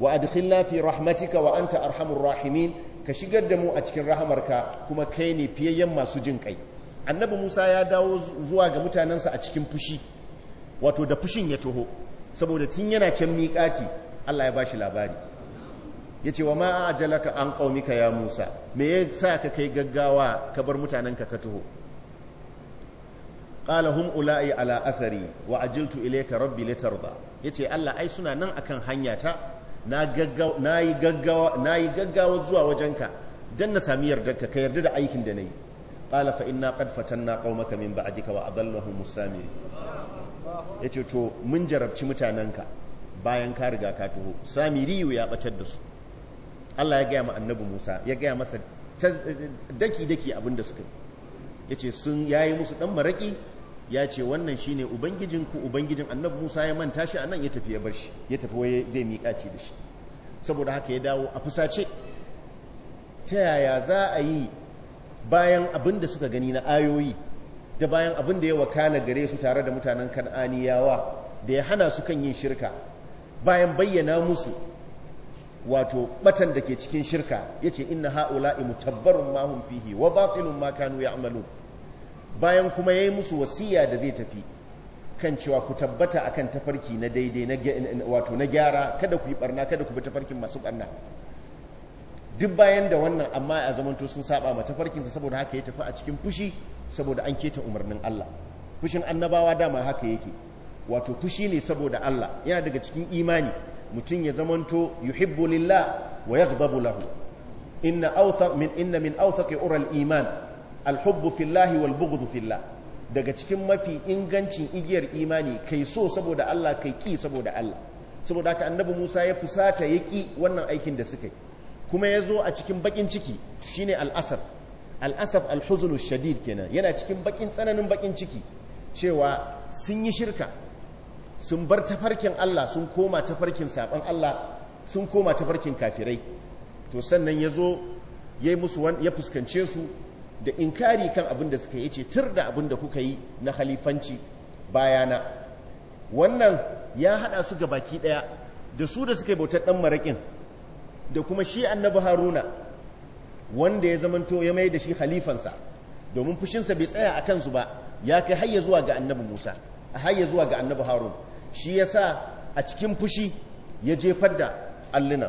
A: wa adkhilna fi rahmatika wa anta arhamur rahimin ka shigar da mu a cikin rahamarka kuma kai ne fiyayyen masu jin kai annabi Musa ya dawo zuwa ga mutanensa a cikin fushi wato da fushin ya toho saboda tun yana can miƙati Allah ya ba shi labari ya ce wa ma ajalaka an ka ya musa me ya sa ka kai gaggawa ka bar mutanen ka ka toho ƙala hum ula'i ala athari wa ajiltu ilayka rabbi ya yace Allah ai suna nan akan hanya ta na yi gaggawa zuwa wajen zuwa wajenka dan na sami yardarka ka yarda da aikin da na yi ƙala fa inna qad na ƙaumaka min ba'dika wa musa musamiri ya ce to mun jarabci mutanenka bayan ka riga ka tuho sami samiriyu ya batar da su Allah ya gaya ma annabi Musa ya gaya masa daki-daki abinda da suka yi ya ce sun yayi musu dan maraki ya ce wannan shi ne ubangijin ku ubangijin annabi Musa ya manta shi a nan ya tafi ya bar shi ya tafi waye zai miƙaci da shi saboda haka ya dawo a fusace ta yaya za a yi bayan abinda suka gani na ayoyi da bayan abin da ya wakana gare su tare da mutanen kan'aniyawa da ya hana su kan yin shirka bayan bayyana musu wato batan da ke cikin shirka ya ce inna ha'ula'i mutabbarun mahun fihi wa baƙilun makanu ya amalu bayan kuma ya yi musu wasiya da zai tafi kan cewa ku tabbata a kan tafarki na daidai wato na gyara kada ku yi ɓarna kada ku bi tafarkin masu ɓarna duk bayan da wannan amma a zamanto sun saba ma tafarkinsa saboda haka ya tafi a cikin fushi saboda an keta umarnin Allah fushin annabawa dama haka yake wato fushi ne saboda Allah yana daga cikin imani mutum ya zamanto yuhibbu lillah wa yaghdabu lahu inna awthaq min inna min ural iman alhubbu fillahi wal bughdhu fillah daga cikin mafi ingancin igiyar imani kai so saboda Allah kai ki saboda Allah saboda haka annabi Musa ya fusata ya ki wannan aikin da suka yi kuma ya zo a cikin bakin ciki shine al'asar al'asaf alhuzunu shadid kenan yana cikin bakin tsananin bakin ciki cewa sun yi shirka sun bar tafarkin Allah sun koma tafarkin saban Allah sun koma tafarkin kafirai to sannan ya zo ya fuskance su da inkari kan abin da suka yi ce tur da abin da kuka yi na halifanci bayana wannan ya hada su ga baki daya da su da suka yi bautar dan maraƙin da kuma shi annabi haruna wanda ya zamanto ya mai da shi halifansa domin fushinsa bai tsaya a kansu ba ya kai hayya zuwa ga annabi musa a hayya zuwa ga annabi harun shi ya sa a cikin fushi ya jefar da allina.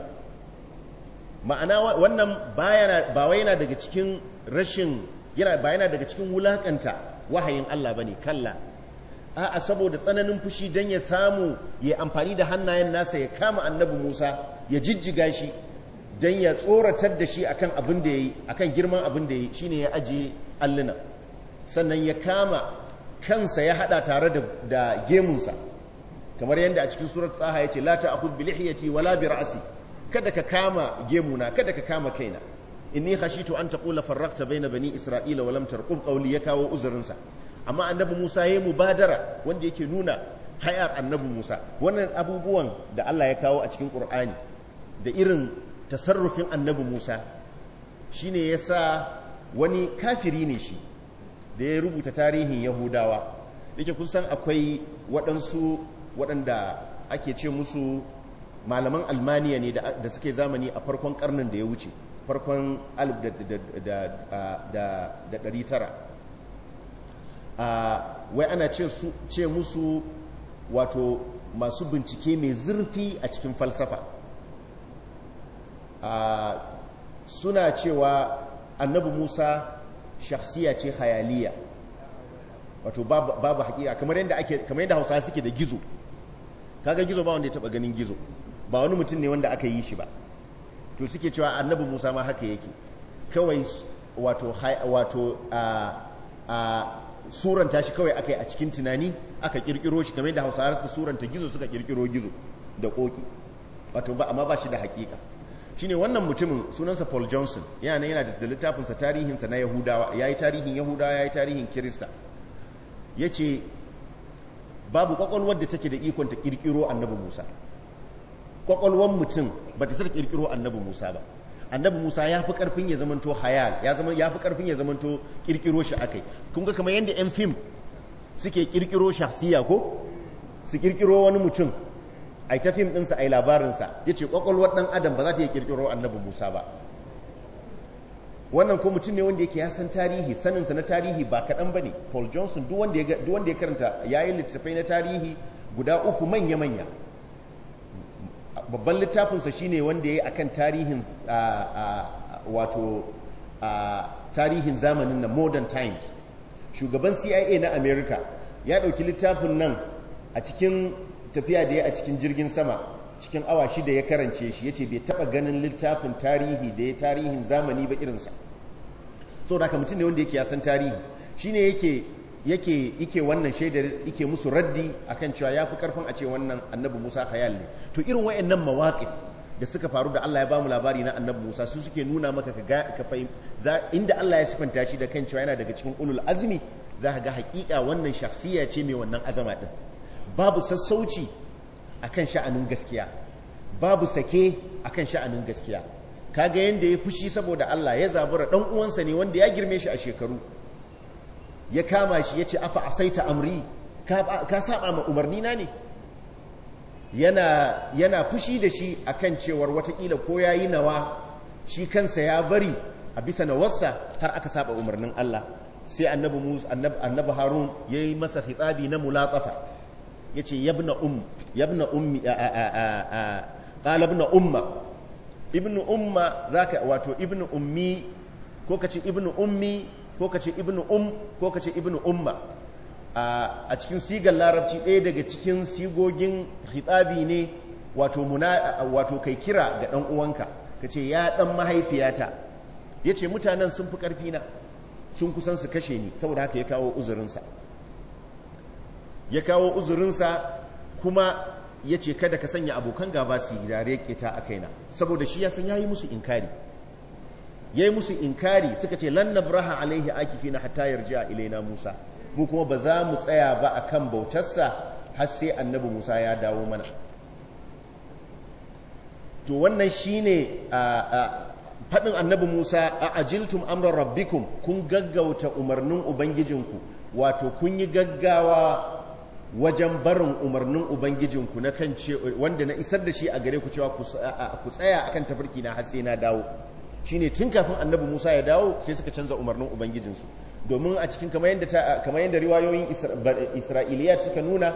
A: ma'ana wannan ba wai yana daga cikin rashin ba yana daga cikin wulakanta wahayin allah ba ne kalla a'a saboda tsananin fushi don ya samu ya amfani da hannayen nasa ya kama annabi musa ya jijjiga shi don ya tsoratar da shi akan abin da ya yi akan girman abin da ya yi shine ya ajiye alluna sannan ya kama kansa ya hada tare da gemunsa kamar yadda a cikin surat tsaha ya ce la ta'khud bi lihiyati wala bi ra'si kada ka kama gemuna kada ka kama kaina inni khashitu an taqula farraqta baina bani isra'ila wa lam tarqub ya kawo uzurinsa amma annabi Musa yayi mubadara wanda yake nuna hayar annabi Musa wannan abubuwan da Allah ya kawo a cikin Qur'ani da irin tasarrufin annabi Musa shi ne ya sa wani kafiri ne shi da ya rubuta tarihin Yahudawa yake kun san akwai waɗansu waɗanda ake ce musu malaman almaniya ne da suke zamani a farkon karnin da ya wuce farkon 1900 wai ana ce musu wato masu bincike mai zurfi a cikin falsafa suna cewa annabi musa shakhsiya ce hayaliya wato babu haƙiƙa kamar yadda ake kamar yadda hausa suke da gizo kaga gizo ba wanda ya taba ganin gizo ba wani mutum ne wanda aka yi shi ba to suke cewa annabi musa ma haka yake kawai wato wato a suranta shi kawai aka yi a cikin tunani aka kirkiro shi kamar yadda hausawa suka suranta gizo suka kirkiro gizo da koki wato ba amma ba shi da haƙiƙa ne wannan mutumin sunansa Paul Johnson yana yana da littafinsa tarihinsa na Yahudawa yayi tarihin Yahudawa yayi tarihin Kirista ya ce babu kwakwalwar da take da ikon ta kirkiro Annabi Musa kwakwalwar mutum ba ta sa kirkiro Annabi Musa ba Annabi Musa ya fi karfin ya zamanto hayal ya fi karfin ya zamanto kirkiro shi akai kun ga kamar yanda yan fim suke kirkiro shahsiya ko su kirkiro wani mutum ai ta fim ɗinsa ai labarinsa ya ce ƙwaƙwalwar ɗan adam ba za ta yi ƙirƙiro annabi musa ba wannan ko mutum ne wanda yake ya san tarihi saninsa na tarihi ba kaɗan ba ne paul johnson duk wanda ya karanta ya yi littattafai na tarihi guda uku manya-manya babban littafinsa shine wanda ya yi akan tarihin wato tarihin zamanin na modern times shugaban cia na america ya ɗauki littafin nan a cikin tafiya da ya a cikin jirgin sama cikin awa shida ya karance shi ya ce bai taba ganin littafin tarihi da ya tarihin zamani ba irinsa so da mutum ne wanda yake yasan tarihi shi ne yake yake wannan shaidar yake musu raddi akan cewa ya fi karfin a ce wannan annabi musa khayal ne to irin wayannan mawaƙi da suka faru da Allah ya bamu labari na annabi musa su suke nuna maka ka fahim inda Allah ya sifanta shi da kan cewa yana daga cikin ulul azmi za ka ga hakika wannan shaksiya ce mai wannan azama din babu sassauci a kan sha'anin gaskiya babu sake a kan sha'anin gaskiya Ka ga yadda ya fushi saboda Allah ya zabura Ɗan uwansa ne wanda ya girme shi a shekaru ya kama shi ya ce, afa asaita amri ka saba ma umarni na ne yana fushi da shi a kan cewar watakila ko ya yi nawa shi kansa ya bari a bisa nawarsa har aka saba umarnin Allah sai annabi Harun ya yi masa fitsabi na mulatafa yace yabna um yabna ummi a a a ibn umma ibn ka wato ibn ummi ko kace ibn ummi ko ce ibn um ko ce ibn umma a cikin sigar larabci ɗaya daga cikin sigogin hitsabi ne wato muna kai kira ga ɗan uwanka kace ya dan mahaifiyata yace mutanen sun fi karfi na sun kusan su kashe ni saboda haka ya kawo uzurinsa ya kawo uzurinsa kuma ya ce kada ka sanya abokan gaba su yi dare ta a kaina saboda shi ya san ya yi musu inkari ya yi musu inkari suka ce lan nabraha alaihi fi na hatta yarji a ilaina musa mu kuma ba za mu tsaya ba a kan bautarsa har sai annabi musa ya dawo mana to wannan shi ne faɗin annabi musa a ajiltum amran rabbikum kun gaggauta umarnin ubangijinku wato kun yi gaggawa wajen barin umarnin ubangijinku na kan ce wanda na isar da shi a gare ku cewa ku tsaya akan tafarki na har sai na dawo shine tun kafin annabi Musa ya dawo sai suka canza umarnin ubangijinsu domin a cikin kamar yadda riwayoyin isra'iliya suka nuna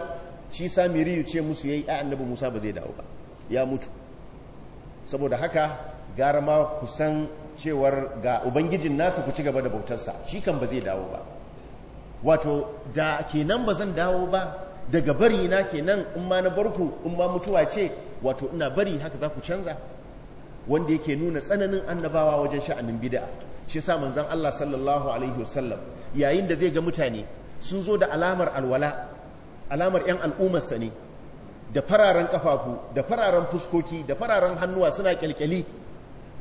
A: shi Samiriyu ce musu yayi a annabi Musa ba zai dawo ba ya mutu saboda haka gara ma kusan cewar ga ubangijin nasa ku ci gaba da bautarsa shi kan ba zai dawo ba wato da kenan ba zan dawo ba daga bari na kenan in ma na barku in ma mutuwa ce wato ina bari haka za ku canza wanda yake nuna tsananin annabawa wajen sha'anin bid'a shi yasa manzon Allah sallallahu alaihi wasallam yayin da zai ga mutane sun zo da alamar alwala alamar yan sa ne da fararen kafafu da fararen fuskoki da fararen hannuwa suna kyalkyali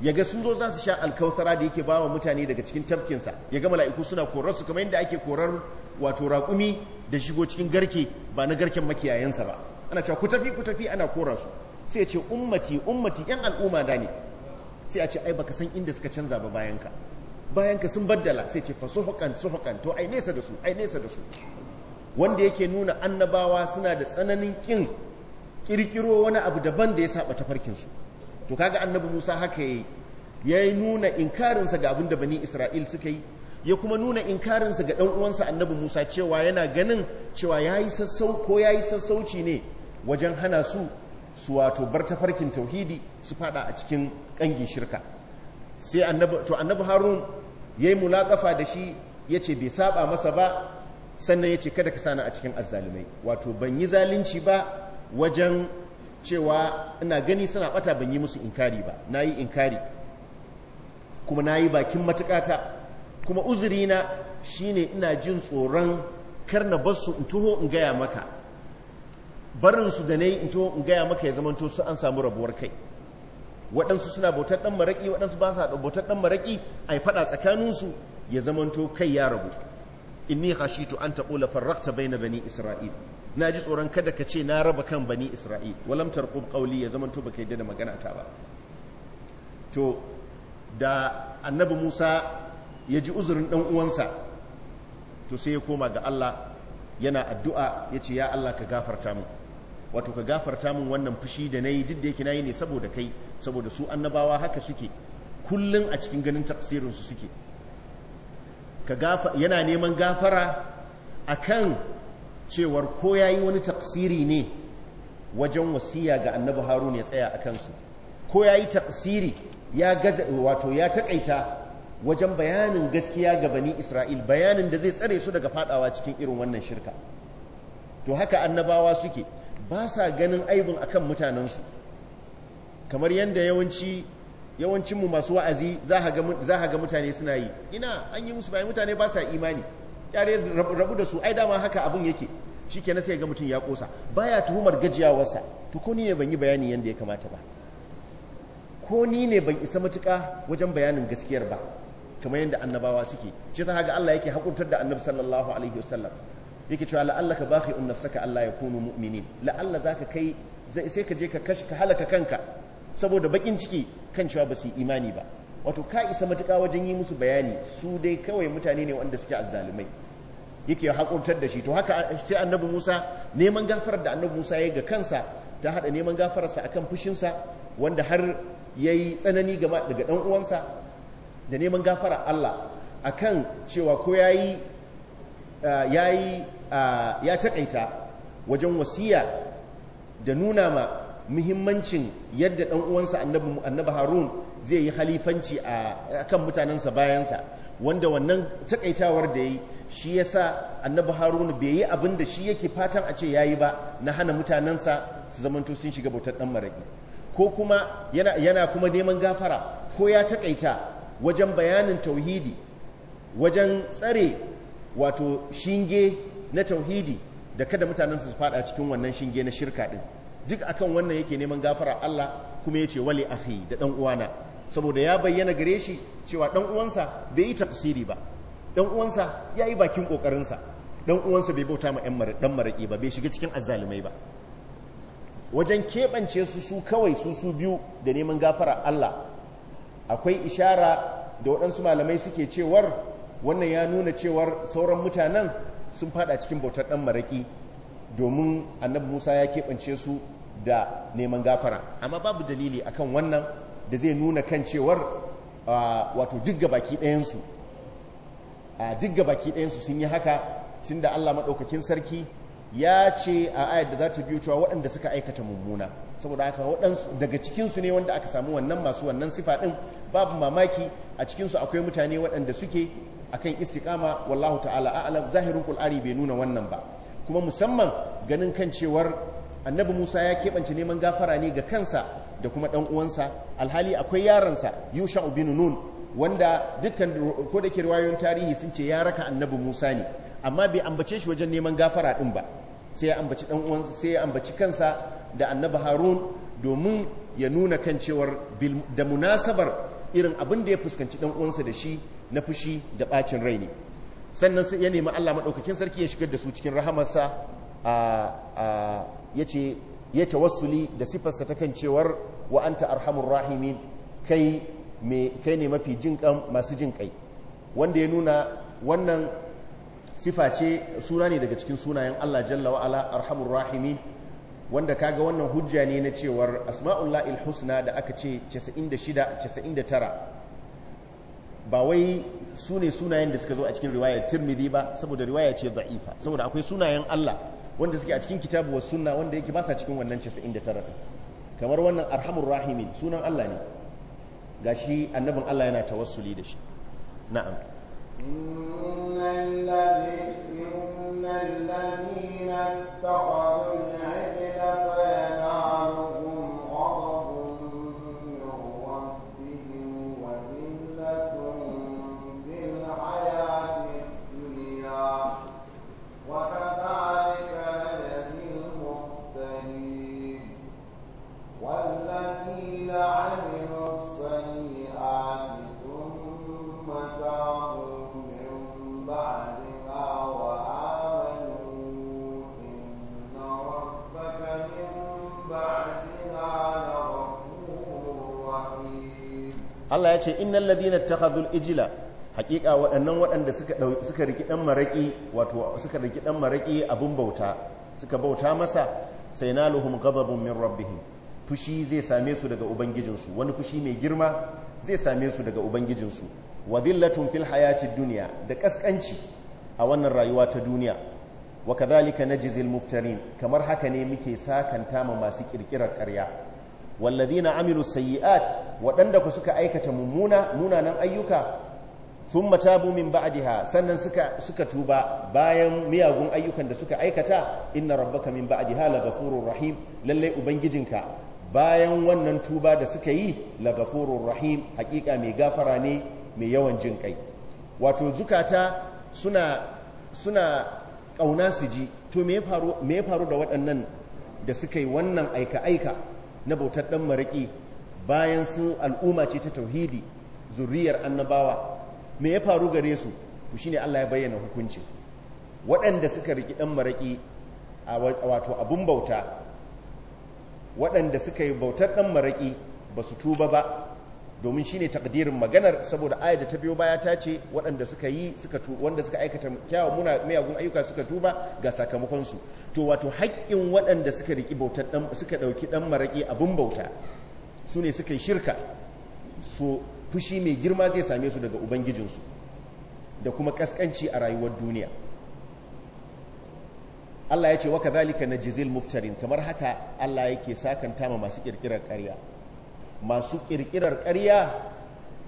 A: yaga sun zo za su sha alkautara da yake bawa mutane daga cikin tafkinsa yaga mala'iku suna korar su kamar yadda ake korar wato raƙumi da shigo cikin garke ba na garken makiyayensa ba ana cewa ku tafi ku tafi ana kora su sai ce ummati ummati yan al'umma da ne sai a ce ai baka san inda suka canza ba bayanka bayanka sun baddala sai ce fa su suhuqan to ai nesa da su ai nesa da su wanda yake nuna annabawa suna da tsananin kin kirkiro wani abu daban da ya saba tafarkin su to kaga annabi Musa haka yayi yayi nuna inkarinsa ga abin da bani Isra'il suka yi ya kuma nuna inkarinsa ga ɗan uwansa annabi Musa cewa yana ganin cewa ya yi sassau ko ya yayi sassauci ne wajen hana su su wato bar tafarkin tauhidi su fada a cikin ƙangin shirka sai annabi to annabi Harun ya yi mulaƙafa da shi ya ce bai saba masa ba sannan ya ce kada ka sani a cikin azzalumai wato ban yi zalunci ba wajen cewa ina gani suna bata ban yi musu inkari ba na nayi inkari kuma na yi bakin matukata kuma uzurina shine ina jin tsoron kar na su in tuho in gaya maka barin su da nayi in tuho in gaya maka ya zamanto su an samu rabuwar kai waɗansu suna bautar ɗan maraƙi waɗansu ba sa bautar ɗan maraƙi a yi faɗa tsakaninsu ya zamanto kai ya rabu inni to an taqula bai na bani isra'il na ji tsoron kada ka ce na raba kan bani isra'il Walamtar tarqub ya zamanto baka yi da magana ta ba to da annabi Musa ya ji uzurin ɗan uwansa to sai ya koma ga Allah yana addu'a ya ce ya Allah ka gafarta mu wato ka gafarta mun wannan fushi da na yi duk da yake na yi ne saboda kai saboda su annabawa haka suke kullum a cikin ganin taksirinsu suke yana neman gafara a kan cewar ko ya yi wani taksiri ne wajen wasiya ga annabi haru ya tsaya a kansu ko ya yi taksiri ya gaza wato ya taƙaita wajen bayanin gaskiya ga bani Isra'il bayanin da zai tsare su daga fadawa cikin irin wannan shirka to haka annabawa suke ba sa ganin aibin akan mutanensu kamar yadda yawanci yawancinmu masu wa'azi za ga mutane suna yi ina an yi musu bayan mutane ba sa imani kyare rabu da su ai dama haka abin yake shi ke sai ga mutum ya kosa baya tuhumar gajiyawarsa to ko ni ne ban yi bayani yadda ya kamata ba ko ni ne ban isa matuka wajen bayanin gaskiyar ba kamar yadda annabawa suke shi yasa ga Allah yake hakuntar da annabi sallallahu alaihi wasallam yake cewa la'allaka bakhi'un nafsaka Allah ya kunu mu'mini la'alla zaka kai sai ka je ka kashi ka halaka kanka saboda bakin ciki kan cewa ba su imani ba wato ka isa matuka wajen yi musu bayani su dai kawai mutane ne wanda suke azzalumai yake hakuntar da shi to haka sai annabi Musa neman gafarar da annabi Musa ya ga kansa ta hada neman gafararsa akan fushin sa wanda har yayi tsanani ga daga dan uwansa da neman gafara Allah akan cewa ko yayi yayi ya takaita wajen wasiya da nuna ma muhimmancin yadda dan uwansa annabi Harun zai yi halifanci a kan mutanensa bayansa wanda wannan takaitawar da yi shi yasa annabi Harun bai yi abin da shi yake fatan a ce yayi ba na hana mutanensa su zamanto sun shiga bautar dan maraki ko kuma yana kuma neman gafara ko ya takaita wajen bayanin tauhidi wajen tsare wato shinge na tauhidi da kada mutanen su fada cikin wannan shinge na shirka din duk akan wannan yake neman gafara Allah kuma ya ce wali akhi da dan uwana saboda ya bayyana gare shi cewa dan uwansa bai yi tafsiri ba dan uwansa yi bakin kokarin sa dan uwansa bai bauta ma dan maraki ba bai shiga cikin azzalumai ba wajen keɓance su su kawai su su biyu da neman gafara Allah akwai ishara da waɗansu malamai suke cewar wannan ya nuna cewar sauran mutanen sun fada cikin bautar ɗan maraƙi domin annabi musa ya keɓance su da neman gafara amma babu dalili akan wannan da zai nuna kan cewar wato duk baki ɗayansu duk baki ɗayansu sun yi haka tun da allah maɗaukakin sarki ya ce a ayat da za ta biyo cewa waɗanda suka aikata mummuna saboda aka waɗansu daga cikinsu ne wanda aka samu wannan masu wannan sifa ɗin babu mamaki a cikinsu akwai mutane waɗanda suke akan istikama wallahu ta'ala a'lam zahirin kul'ari bai nuna wannan ba kuma musamman ganin kan cewar annabi musa ya keɓance neman gafara ne ga kansa da kuma ɗan uwansa alhali akwai yaransa yusha bin nun wanda dukkan ko da riwayoyin tarihi sun ce ya raka annabi musa ne amma bai ambace shi wajen neman gafara ɗin ba sai ya ambaci ɗan uwansa sai ya ambaci kansa da annabi harun domin ya nuna kan cewar da munasabar irin abin da ya fuskanci dan uwansa da shi na fushi da ɓacin rai ne sannan ya nemi Allah madaukakin sarki ya shigar da su cikin rahamarsa a yace ya tawassuli da sifarsa ta kan cewar wa'anta anta arhamur rahimin kai ne mafi jinkan masu jin kai wanda ya nuna wannan sifa ce suna ne daga cikin sunayen Allah jalla wa'ala arhamur rahimin wanda kaga wannan hujja ne na cewar asma'ullah husna da aka ce 96-99 ba wai su ne sunayen da suka zo a cikin riwayar tirmidhi ba saboda riwaya ce da'ifa saboda akwai sunayen Allah wanda suke a cikin kitabu wa sunna wanda yake ba sa cikin wannan 99 kamar wannan arhamur rahimin sunan Allah ne gashi annabin Allah yana tawassuli da shi na'am
B: innal ladina اتخذوا
A: Allah ya ce innal ladina takhadhul ijla hakika waɗannan waɗanda suka suka riki dan maraki wato suka riki dan maraki abun bauta suka bauta masa sai luhum ghadabun min rabbihim fushi zai same su daga ubangijinsu wani fushi mai girma zai same su daga ubangijinsu wa dhillatun fil hayatid dunya da kaskanci a wannan rayuwa ta duniya wa kadhalika najzil muftarin kamar haka ne muke sakanta ma masu kirkirar ƙarya wallazina amilu sayyi'at waɗanda ku suka aikata mummuna munanan ayyuka sun matabu min ba'diha sannan suka suka tuba bayan miyagun ayyukan da suka aikata inna rabbaka min ba'diha lagafurur rahim lalle ubangijinka bayan wannan tuba da suka yi lagafurur rahim hakika mai gafara ne mai yawan jin kai wato zukata suna suna kauna su ji to me ya faru me ya faru da waɗannan da suka yi wannan aika aika na bautar ɗan maraƙi bayan sun al'umma ce ta tauhidi zuriyar annabawa me ya faru gare su ku shine Allah ya bayyana hukunci waɗanda suka riki ɗan maraƙi a wato abun bauta waɗanda suka yi bautar ɗan maraƙi ba su tuba ba domin shine takdirin maganar saboda ayat da ta biyo baya ta ce waɗanda suka yi suka tu wanda suka aikata kyawun muna miyagun ayyuka suka tuba ga sakamakon su to wato haƙƙin waɗanda suka riki bautar dan suka dauki dan maraki abun bauta su ne suka yi shirka so fushi mai girma zai same su daga su da kuma kaskanci a rayuwar duniya Allah ya ce wa zalika na jizil muftarin kamar haka Allah yake sakanta ma masu kirkirar ƙarya masu kirkirar karya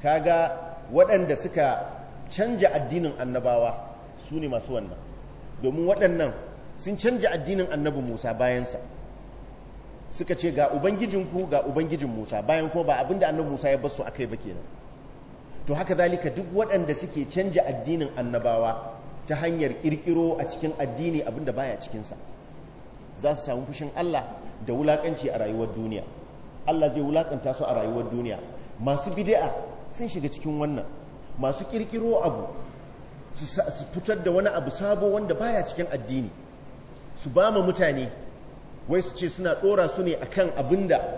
A: kaga waɗanda suka canja addinin annabawa su ne masu wannan domin waɗannan sun canja addinin annabi musa bayansa suka ce ga ubangijinku ga ubangijin musa bayan kuma ba abinda annabi musa ya basu akai ba kenan to haka zalika duk waɗanda suke canja addinin annabawa ta hanyar kirkiro a cikin addini abinda baya cikinsa za su samu fushin allah da wulakanci a rayuwar duniya Allah zai wulakanta su a rayuwar duniya masu bid'a sun shiga cikin wannan masu kirkiro abu su fitar da wani abu sabo wanda baya cikin addini su ba ma mutane wai su ce suna ɗora su ne akan abin da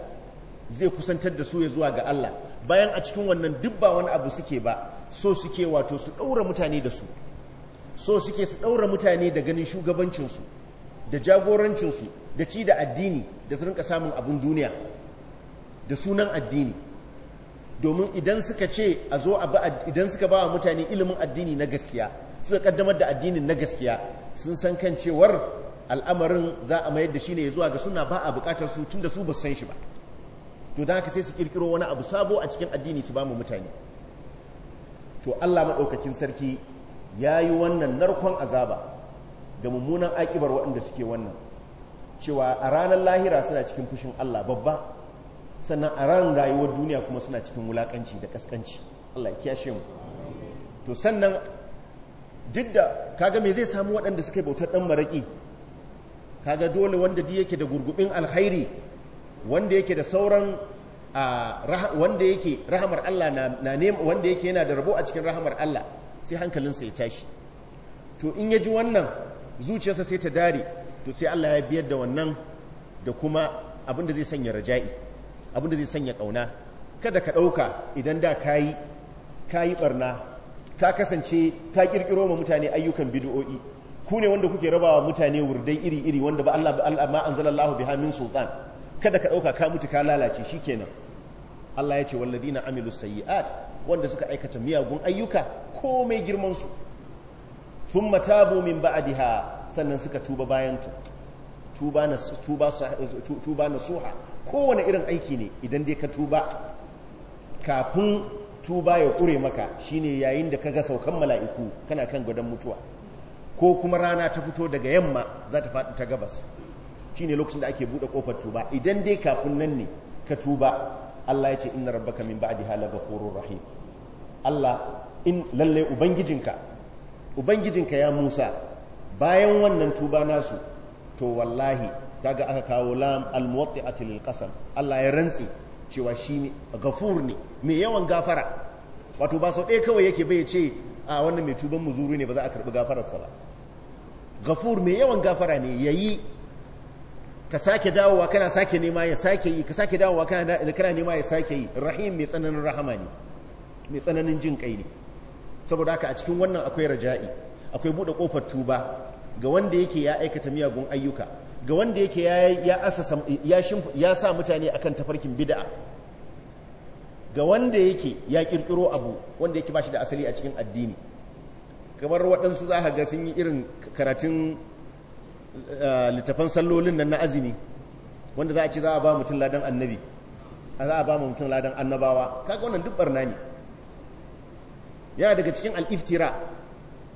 A: zai kusantar da su ya zuwa ga Allah bayan a cikin wannan duk ba wani abu suke ba so suke wato su daura mutane da su so suke su ɗaura mutane da ganin shugabancinsu da jagorancinsu da ci da addini da su rinka samun abin duniya da sunan addini domin idan suka ce a zo a idan suka ba wa mutane ilimin addini na gaskiya suka kaddamar da addinin na gaskiya sun san kan cewar al'amarin za a mayar da shi ne zuwa ga suna ba a bukatar su tun da su ba san shi ba to da haka sai su kirkiro wani abu sabo a cikin addini su ba mu mutane to allah maɗaukakin sarki yayi wannan narkon azaba ga mummunan akibar waɗanda suke wannan cewa a ranar lahira suna cikin fushin allah babba sannan a ran rayuwar duniya kuma suna cikin wulakanci da kaskanci Allah ya kiyashe mu to sannan duk da kaga me zai samu waɗanda suka yi bautar ɗan maraƙi kaga dole wanda di yake da gurgubin alhairi wanda yake da sauran wanda yake rahamar Allah na nema wanda yake yana da rabo a cikin rahamar Allah sai hankalinsa ya tashi to in ya ji wannan zuciyarsa sai ta dare to sai Allah ya biyar da wannan da kuma abin da zai sanya raja'i abinda zai sanya kauna kada ka ɗauka idan da kayi kayi barna ka kasance ka kirkiro ma mutane ayyukan bid'o'i ku ne wanda kuke rabawa mutane wurdai iri-iri wanda ba Allah ma anzalallahu biha min sultan kada ka ɗauka ka mutu ka lalace shi kenan. Allah ya ce walladina amilu at wanda suka aikata miyagun ayyuka ko komai girman su thumma tabu min ba'daha sannan suka tuba bayan tuba na tuba nasuha kowane irin aiki ne idan dai ka tuba kafin tuba ya kure maka shine yayin da kaga saukan mala'iku kana kan gudan mutuwa ko kuma rana ta fito daga yamma za ta faɗi ta gabas shine lokacin da ake buɗe ƙofar tuba idan dai kafin nan ne ka tuba Allah ya ce inna rabbaka min hala lagafurur rahim Allah in lalle ubangijinka ubangijinka ya Musa bayan wannan tuba nasu to wallahi kaga aka kawo lam almuwatti'ati lil qasam Allah ya rantsi cewa shi ne gafur ne mai yawan gafara wato ba so ɗaya kawai yake bai ce a wannan mai tuban muzuru ne ba za a karɓi gafararsa ba gafur mai yawan gafara ne yayi yi ka sake dawowa kana sake nema ya sake yi ka sake dawowa kana nema ya sake yi rahim mai tsananin rahama ne mai tsananin jin kai ne saboda haka a cikin wannan akwai raja'i akwai bude kofar tuba ga wanda yake ya aikata miyagun ayyuka ga wanda yake ya sa mutane akan tafarkin bida'a ga wanda yake ya kirkiro abu wanda yake shi da asali a cikin addini kamar waɗansu za ga sun yi irin karatun eh, littafan sallolin nan na azumi wanda za a ce za a ba mutum ladan annabi a za a ba mutum ladan annabawa kaga wannan duk barna ne yana daga cikin al'iftira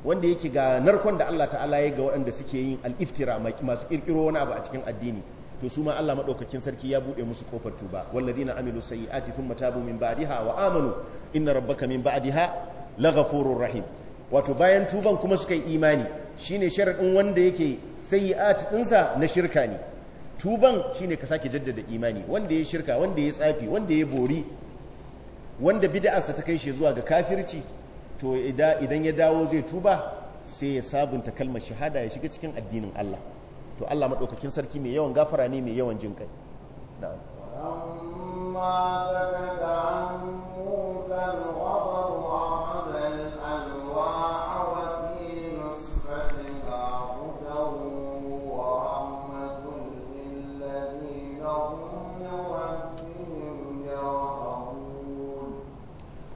A: wanda yake ga narkon da Allah ta'ala ya ga waɗanda suke yin al'iftira masu ƙirƙiro wani abu a cikin addini to su ma Allah maɗaukakin sarki ya buɗe musu kofar tuba wallazina amilu sayyi'ati thumma tabu min ba'diha wa amanu inna rabbaka min ba'diha laghafurur rahim wato bayan tuban kuma suka yi imani shine sharaɗin wanda yake sayyi'ati ɗinsa na shirka ne tuban shine ka sake jaddada imani wanda ya shirka wanda ya tsafi wanda ya bori wanda bid'arsa ta kai shi zuwa ga kafirci to idan ya dawo zai tuba sai ya sabunta kalmar shahada ya shiga cikin addinin Allah to Allah madaukakin sarki mai yawan gafara ne mai yawan jin kai na'am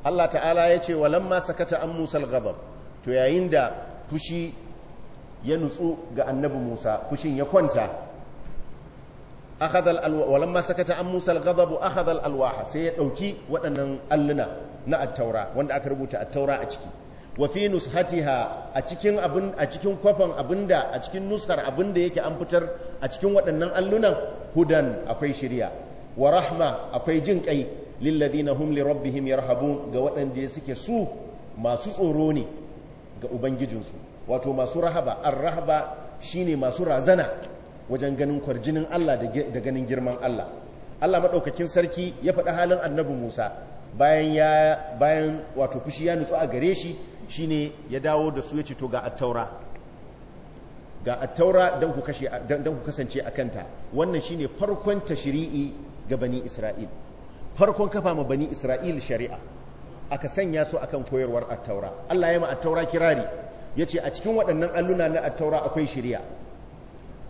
A: Allah ta'ala ya ce walamma sakata an Musa al-ghadab to yayin da fushi ya nutsu ga annabi Musa fushin ya kwanta akhadha al walamma sakata an Musa al-ghadab akhadha al-alwaha sai ya dauki waɗannan alluna na at-taura wanda aka rubuta at-taura a ciki wa fi nushatiha a cikin abin a cikin kwafan abinda a cikin nusar abinda yake an fitar a cikin waɗannan allunan hudan akwai shirya wa rahma akwai jin kai lilladina hum li rabbihim yarhabun ga waɗanda suke su masu tsoro ne ga ubangijinsu wato masu rahaba ar-rahaba shine masu razana wajen ganin kwarjinin Allah da ganin girman Allah Allah madaukakin sarki ya faɗi halin annabi Musa bayan ya bayan wato fushi ya nutsu a gare shi shine ya dawo da su ya ce to ga attaura ga attaura don ku kasance a kanta wannan shine farkon tashiri'i ga bani Isra'il farkon kafa ma bani isra'il shari'a aka sanya su akan koyarwar attaura Allah ya ma attaura kirari yace a cikin waɗannan alluna na attaura akwai shari'a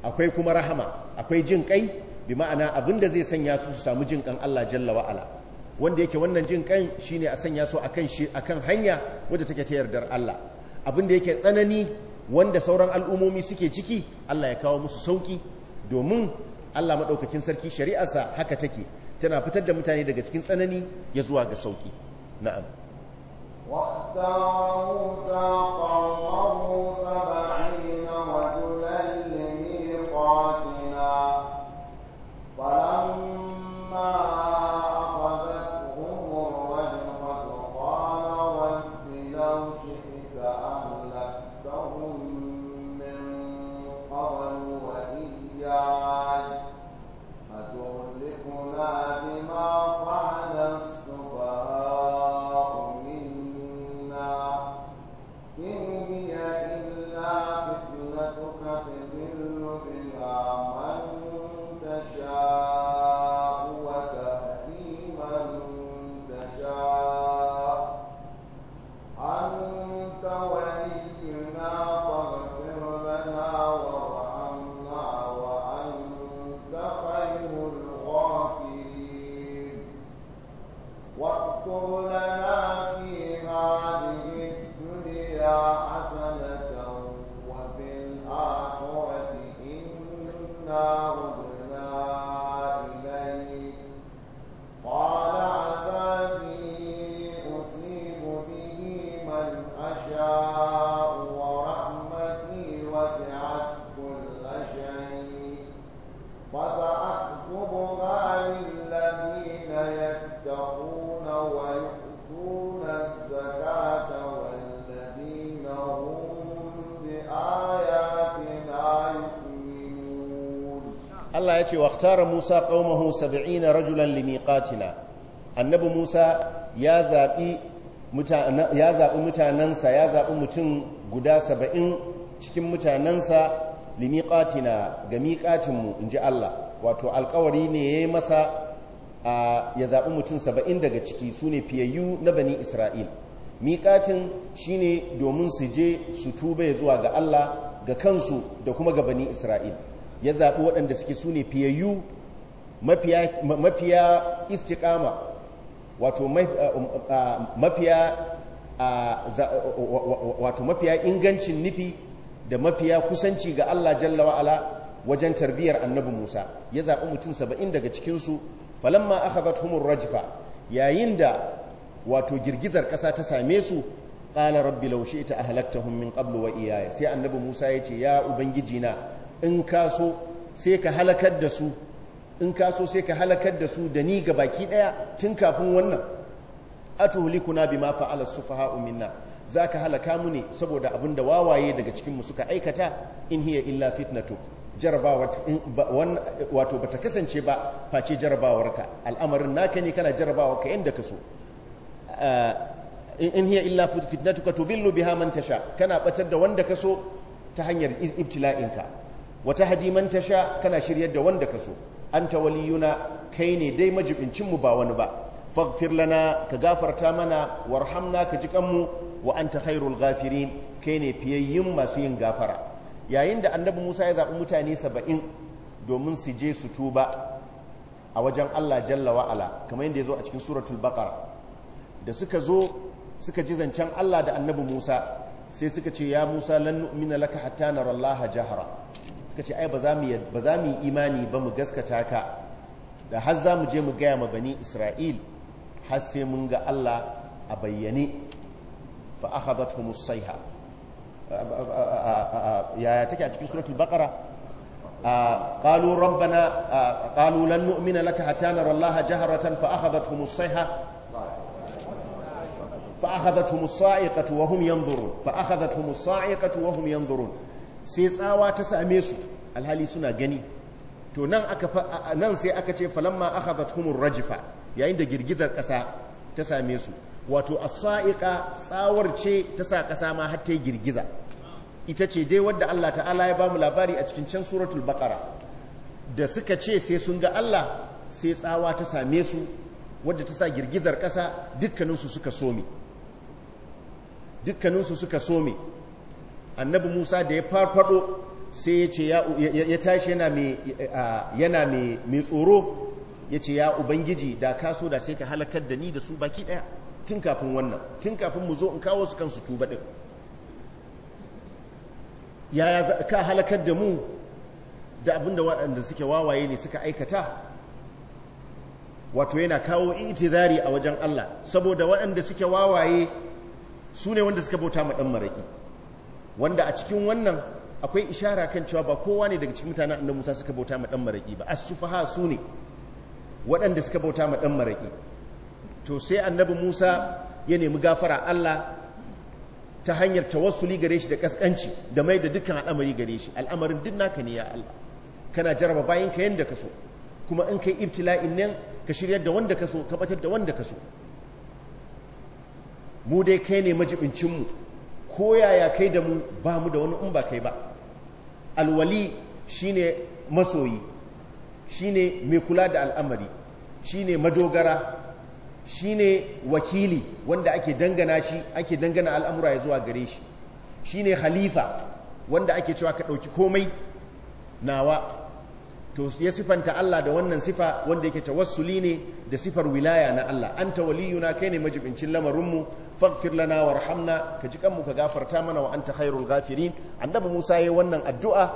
A: akwai kuma rahama akwai jin kai bi ma'ana abinda zai sanya su su samu jin kan Allah jalla wa ala wanda yake wannan jin kan shine a sanya su akan shi hanya wadda take ta yardar Allah abinda yake tsanani wanda sauran al'umomi suke ciki Allah ya kawo musu sauki domin Allah madaukakin sarki shari'arsa haka take tana fitar da mutane daga cikin tsanani ya zuwa ga sauki na'am
B: واختار موسى قومه
A: ya ce waktara musa ƙaumahu 70 rajulan limiqatina annabi musa ya zaɓi mutanensa ya zaɓi mutum guda 70 cikin mutanensa limiqatina ga in ji Allah wato alƙawari ne yi masa ya zaɓi mutum 70 daga ciki su sune fiyayyu na bani Isra'il miƙatin ne domin su je su tuba zuwa ga Allah ga kansu da kuma ga bani Isra'il ya zaɓi waɗanda suke su ne fiyayyu mafiya istiƙama wato mafiya ingancin nufi da mafiya kusanci ga Allah jalla wa'ala wajen tarbiyyar annabi Musa ya zaɓi mutum saba'in daga cikinsu falamma aka humur rajifa yayin da wato girgizar ƙasa ta same su ƙala rabbi laushe ita a halatta min ƙablu wa iyaye sai annabi Musa ya ce ya ubangiji na in kaso sai ka halakar da su in ka sai ka halakar da su da ni ga baki daya tun kafin wannan atuhlikuna bima fa'ala sufaha'u minna zaka halaka mu ne saboda abin da wawaye daga cikin mu suka aikata in hiya illa fitnatu jarabawa wato bata kasance ba face jarabawarka al'amarin naka ne kana jarabawa ka yanda ka so eh, in hiya illa fitnatuka tudhillu biha man tasha kana batar da wanda ka so ta hanyar ibtila'inka wata hadiman ta sha kana shiryar da wanda ka so anta waliyuna kai ne dai mu ba wani ba faghfir lana ka gafarta mana warhamna ka ji kanmu wa anta khairul ghafirin kai ne fiyayyin masu yin gafara yayin da annabi Musa ya zaɓi mutane saba'in domin su je su tuba a wajen Allah jalla wa'ala kamar yadda ya zo a cikin suratul baqara da suka zo suka ji zancen Allah da annabi Musa sai suka ce ya Musa lan nu'mina laka hatta na jahara suka ce ai ba za mu yi imani ba mu gaskata ka da har za mu je mu gaya ma bani isra'il har sai mun ga allah a bayyane fa akhadhathumus sayha yaya take a cikin suratul bakara قالوا ربنا قالوا لن نؤمن لك حتى نرى الله جهرة فأخذتهم الصيحة فأخذتهم الصاعقة وهم ينظرون فأخذتهم الصاعقة وهم ينظرون sai tsawa ta same su alhali suna gani to nan aka nan sai aka ce falamma humur rajifa yayin da girgizar kasa ta same su wato as tsawar ce ta sa kasa ma har ta girgiza ita ce dai wadda Allah ta'ala ya bamu labari a cikin can suratul baqara da suka ce sai sun ga Allah sai tsawa ta same su wadda ta sa girgizar kasa su suka some dukkaninsu suka some annabi musa da ya farfado sai ya ce ya tashi yana mai tsoro ya ce ya ubangiji da ka so da sai ka halakar da ni da su baki daya tun kafin wannan tun kafin mu zo in kawo su kansu tuba din ya ka halakar da mu da abinda waɗanda suke wawaye ne suka aikata wato yana kawo itizari a wajen Allah saboda waɗanda suke wawaye su ne wanda suka bauta mu ɗan maraƙi wanda a cikin wannan akwai ishara kan cewa ba kowa ne daga cikin mutanen annabi Musa suka bauta ma dan maraki ba as-sufaha su ne waɗanda suka bauta ma dan maraki to sai annabi Musa ya nemi gafara Allah ta hanyar tawassuli gare shi da kaskanci da mai da dukkan al'amari gare shi al'amarin duk naka ne ya Allah kana jaraba bayin ka yanda ka so kuma in kai ibtila'in nan ka shirya da wanda ka so ka batar da wanda ka so mu dai kai ne majibincin mu ko yaya kai da mu ba mu da wani in ba kai ba alwali shine masoyi shine mai kula da al'amari shine madogara shine wakili wanda ake dangana shi ake dangana al'amura ya zuwa gare shi shine halifa wanda ake cewa ka ɗauki komai nawa to ya sifanta Allah da wannan sifa wanda yake tawassuli ne da sifar wilaya na Allah anta waliyuna kai ne majibincin lamarinmu faghfir lana warhamna ka ji kanmu ka gafarta mana wa anta khairul ghafirin annabi Musa yayi wannan addu'a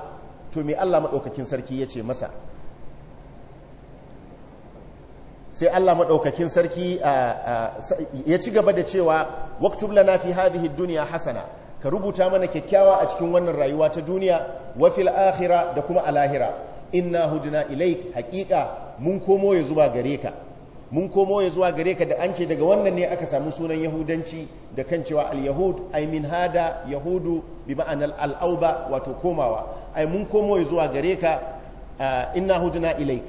A: to me Allah madaukakin sarki yace masa sai Allah madaukakin sarki ya ci gaba da cewa waktub lana fi hadhihi dunya hasana ka rubuta mana kyakkyawa a cikin wannan rayuwa ta duniya wa fil akhirah da kuma a lahira inna hujna ilaik haƙiƙa mun komo ya zuwa gare ka mun komo ya zuwa gare ka da an ce daga wannan ne aka samu sunan yahudanci da kan cewa al-yahud ay min hada yahudu bi ma'anar al'auba wato komawa ai mun komo ya zuwa gare ka inna hujna ilaik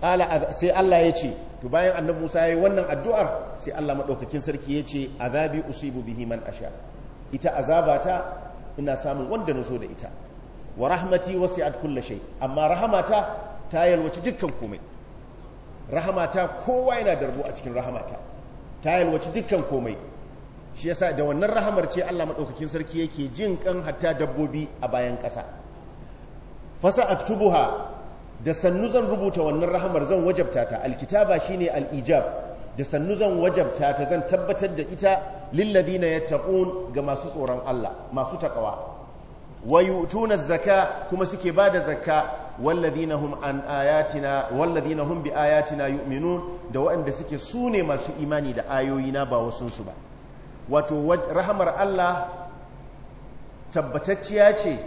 A: qala sai Allah ya ce to bayan annabi Musa yayi wannan addu'ar sai Allah madaukakin sarki ya ce azabi usibu bihi man asha ita azabata ina samun wanda na so da ita wa rahmati wasi'at kulli shay amma rahamata ta yalwaci dukkan komai rahamata kowa yana darbo a cikin rahamata ta yalwaci dukkan komai shi yasa da wannan rahamar ce Allah madaukakin sarki yake jin kan hatta dabbobi a bayan kasa. fasa aktubuha da sannu zan rubuta wannan rahamar zan wajabta ta alkitaba shine al-ijab da sannu zan wajabta ta zan tabbatar da ita lilladina yattaqun ga masu tsoron Allah masu takawa wa yutuna zaka kuma suke ba da zakka والذين هم عن آياتنا والذين هم بآياتنا يؤمنون da waɗanda suke sune masu imani da ayoyina ba wasunsu ba wato rahamar Allah tabbatacciya ce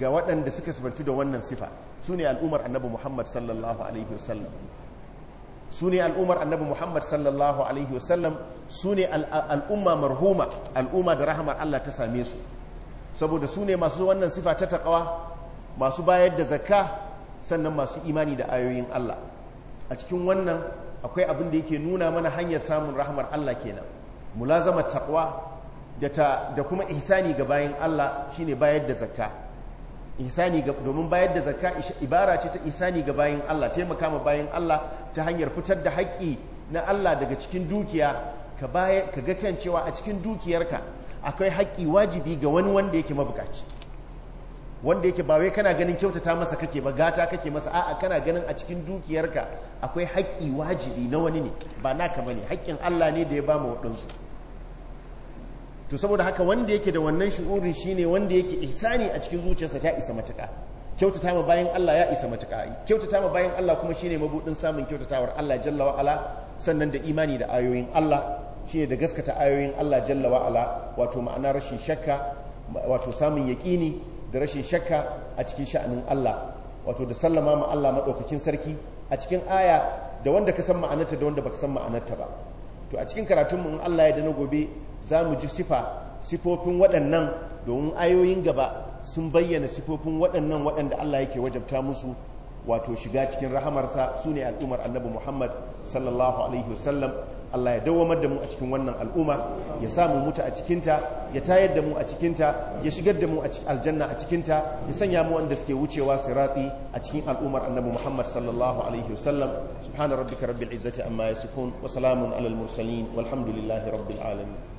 A: ga waɗanda suka sabantu da wannan sifa su ne al'umar annabi Muhammad sallallahu alaihi wasallam su ne al'umar annabi Muhammad sallallahu alaihi wasallam su ne al'umma marhuma al'umma da rahamar Allah ta same su saboda su ne masu wannan sifa ta taƙawa, masu bayar da zakka sannan masu imani da ayoyin Allah a cikin wannan akwai abin da yake nuna mana hanyar samun rahmar Allah kenan mulazama taqwa da da kuma ihsani ga bayan Allah shine bayar da zakka ihsani ga domin bayar da zakka ibara ce ta ihsani ga bayan Allah taimaka ma bayan Allah ta hanyar fitar da haƙƙi na Allah daga cikin dukiya ka ga kan cewa a cikin dukiyarka akwai haƙƙi wajibi ga wani wanda yake mabukaci wanda yake ba wai kana ganin kyautata masa kake ba gata kake masa a'a kana ganin a cikin dukiyarka akwai haƙƙi wajibi na wani ne ba naka ne haƙƙin Allah ne da ya ba mu wadansu to saboda haka wanda yake da wannan shi'urin ne wanda yake ihsani a cikin zuciyarsa ta isa matuƙa kyautata ma bayan Allah ya isa matuƙa kyautata ma bayan Allah kuma shine mabudin samun kyautatawar Allah jalla wa ala sannan da imani da ayoyin Allah shine da gaskata ayoyin Allah jalla wa'ala wato ma'ana rashin shakka wato samun yaƙini da rashin shakka a cikin sha'anin Allah wato da sallama ma Allah maɗaukakin sarki a cikin aya da wanda ka san ma'anarta da wanda baka san ma'anarta ba to a cikin karatun mu in Allah ya da na gobe za mu ji sifa sifofin waɗannan domin ayoyin gaba sun bayyana sifofin waɗannan waɗanda Allah yake wajabta musu wato shiga cikin rahamarsa su ne al'ummar annabi Muhammad sallallahu alaihi wasallam Allah ya dawamar da mu a cikin wannan al'umma ya samu muta a cikinta ya tayar da mu a cikinta ya shigar da mu a cikin aljanna a cikinta ya sanya mu wanda suke wucewa sirati a cikin al'ummar annabi Muhammad sallallahu alaihi wasallam subhana rabbika rabbil izzati amma yasifun wa salamun alal mursalin walhamdulillahi rabbil alamin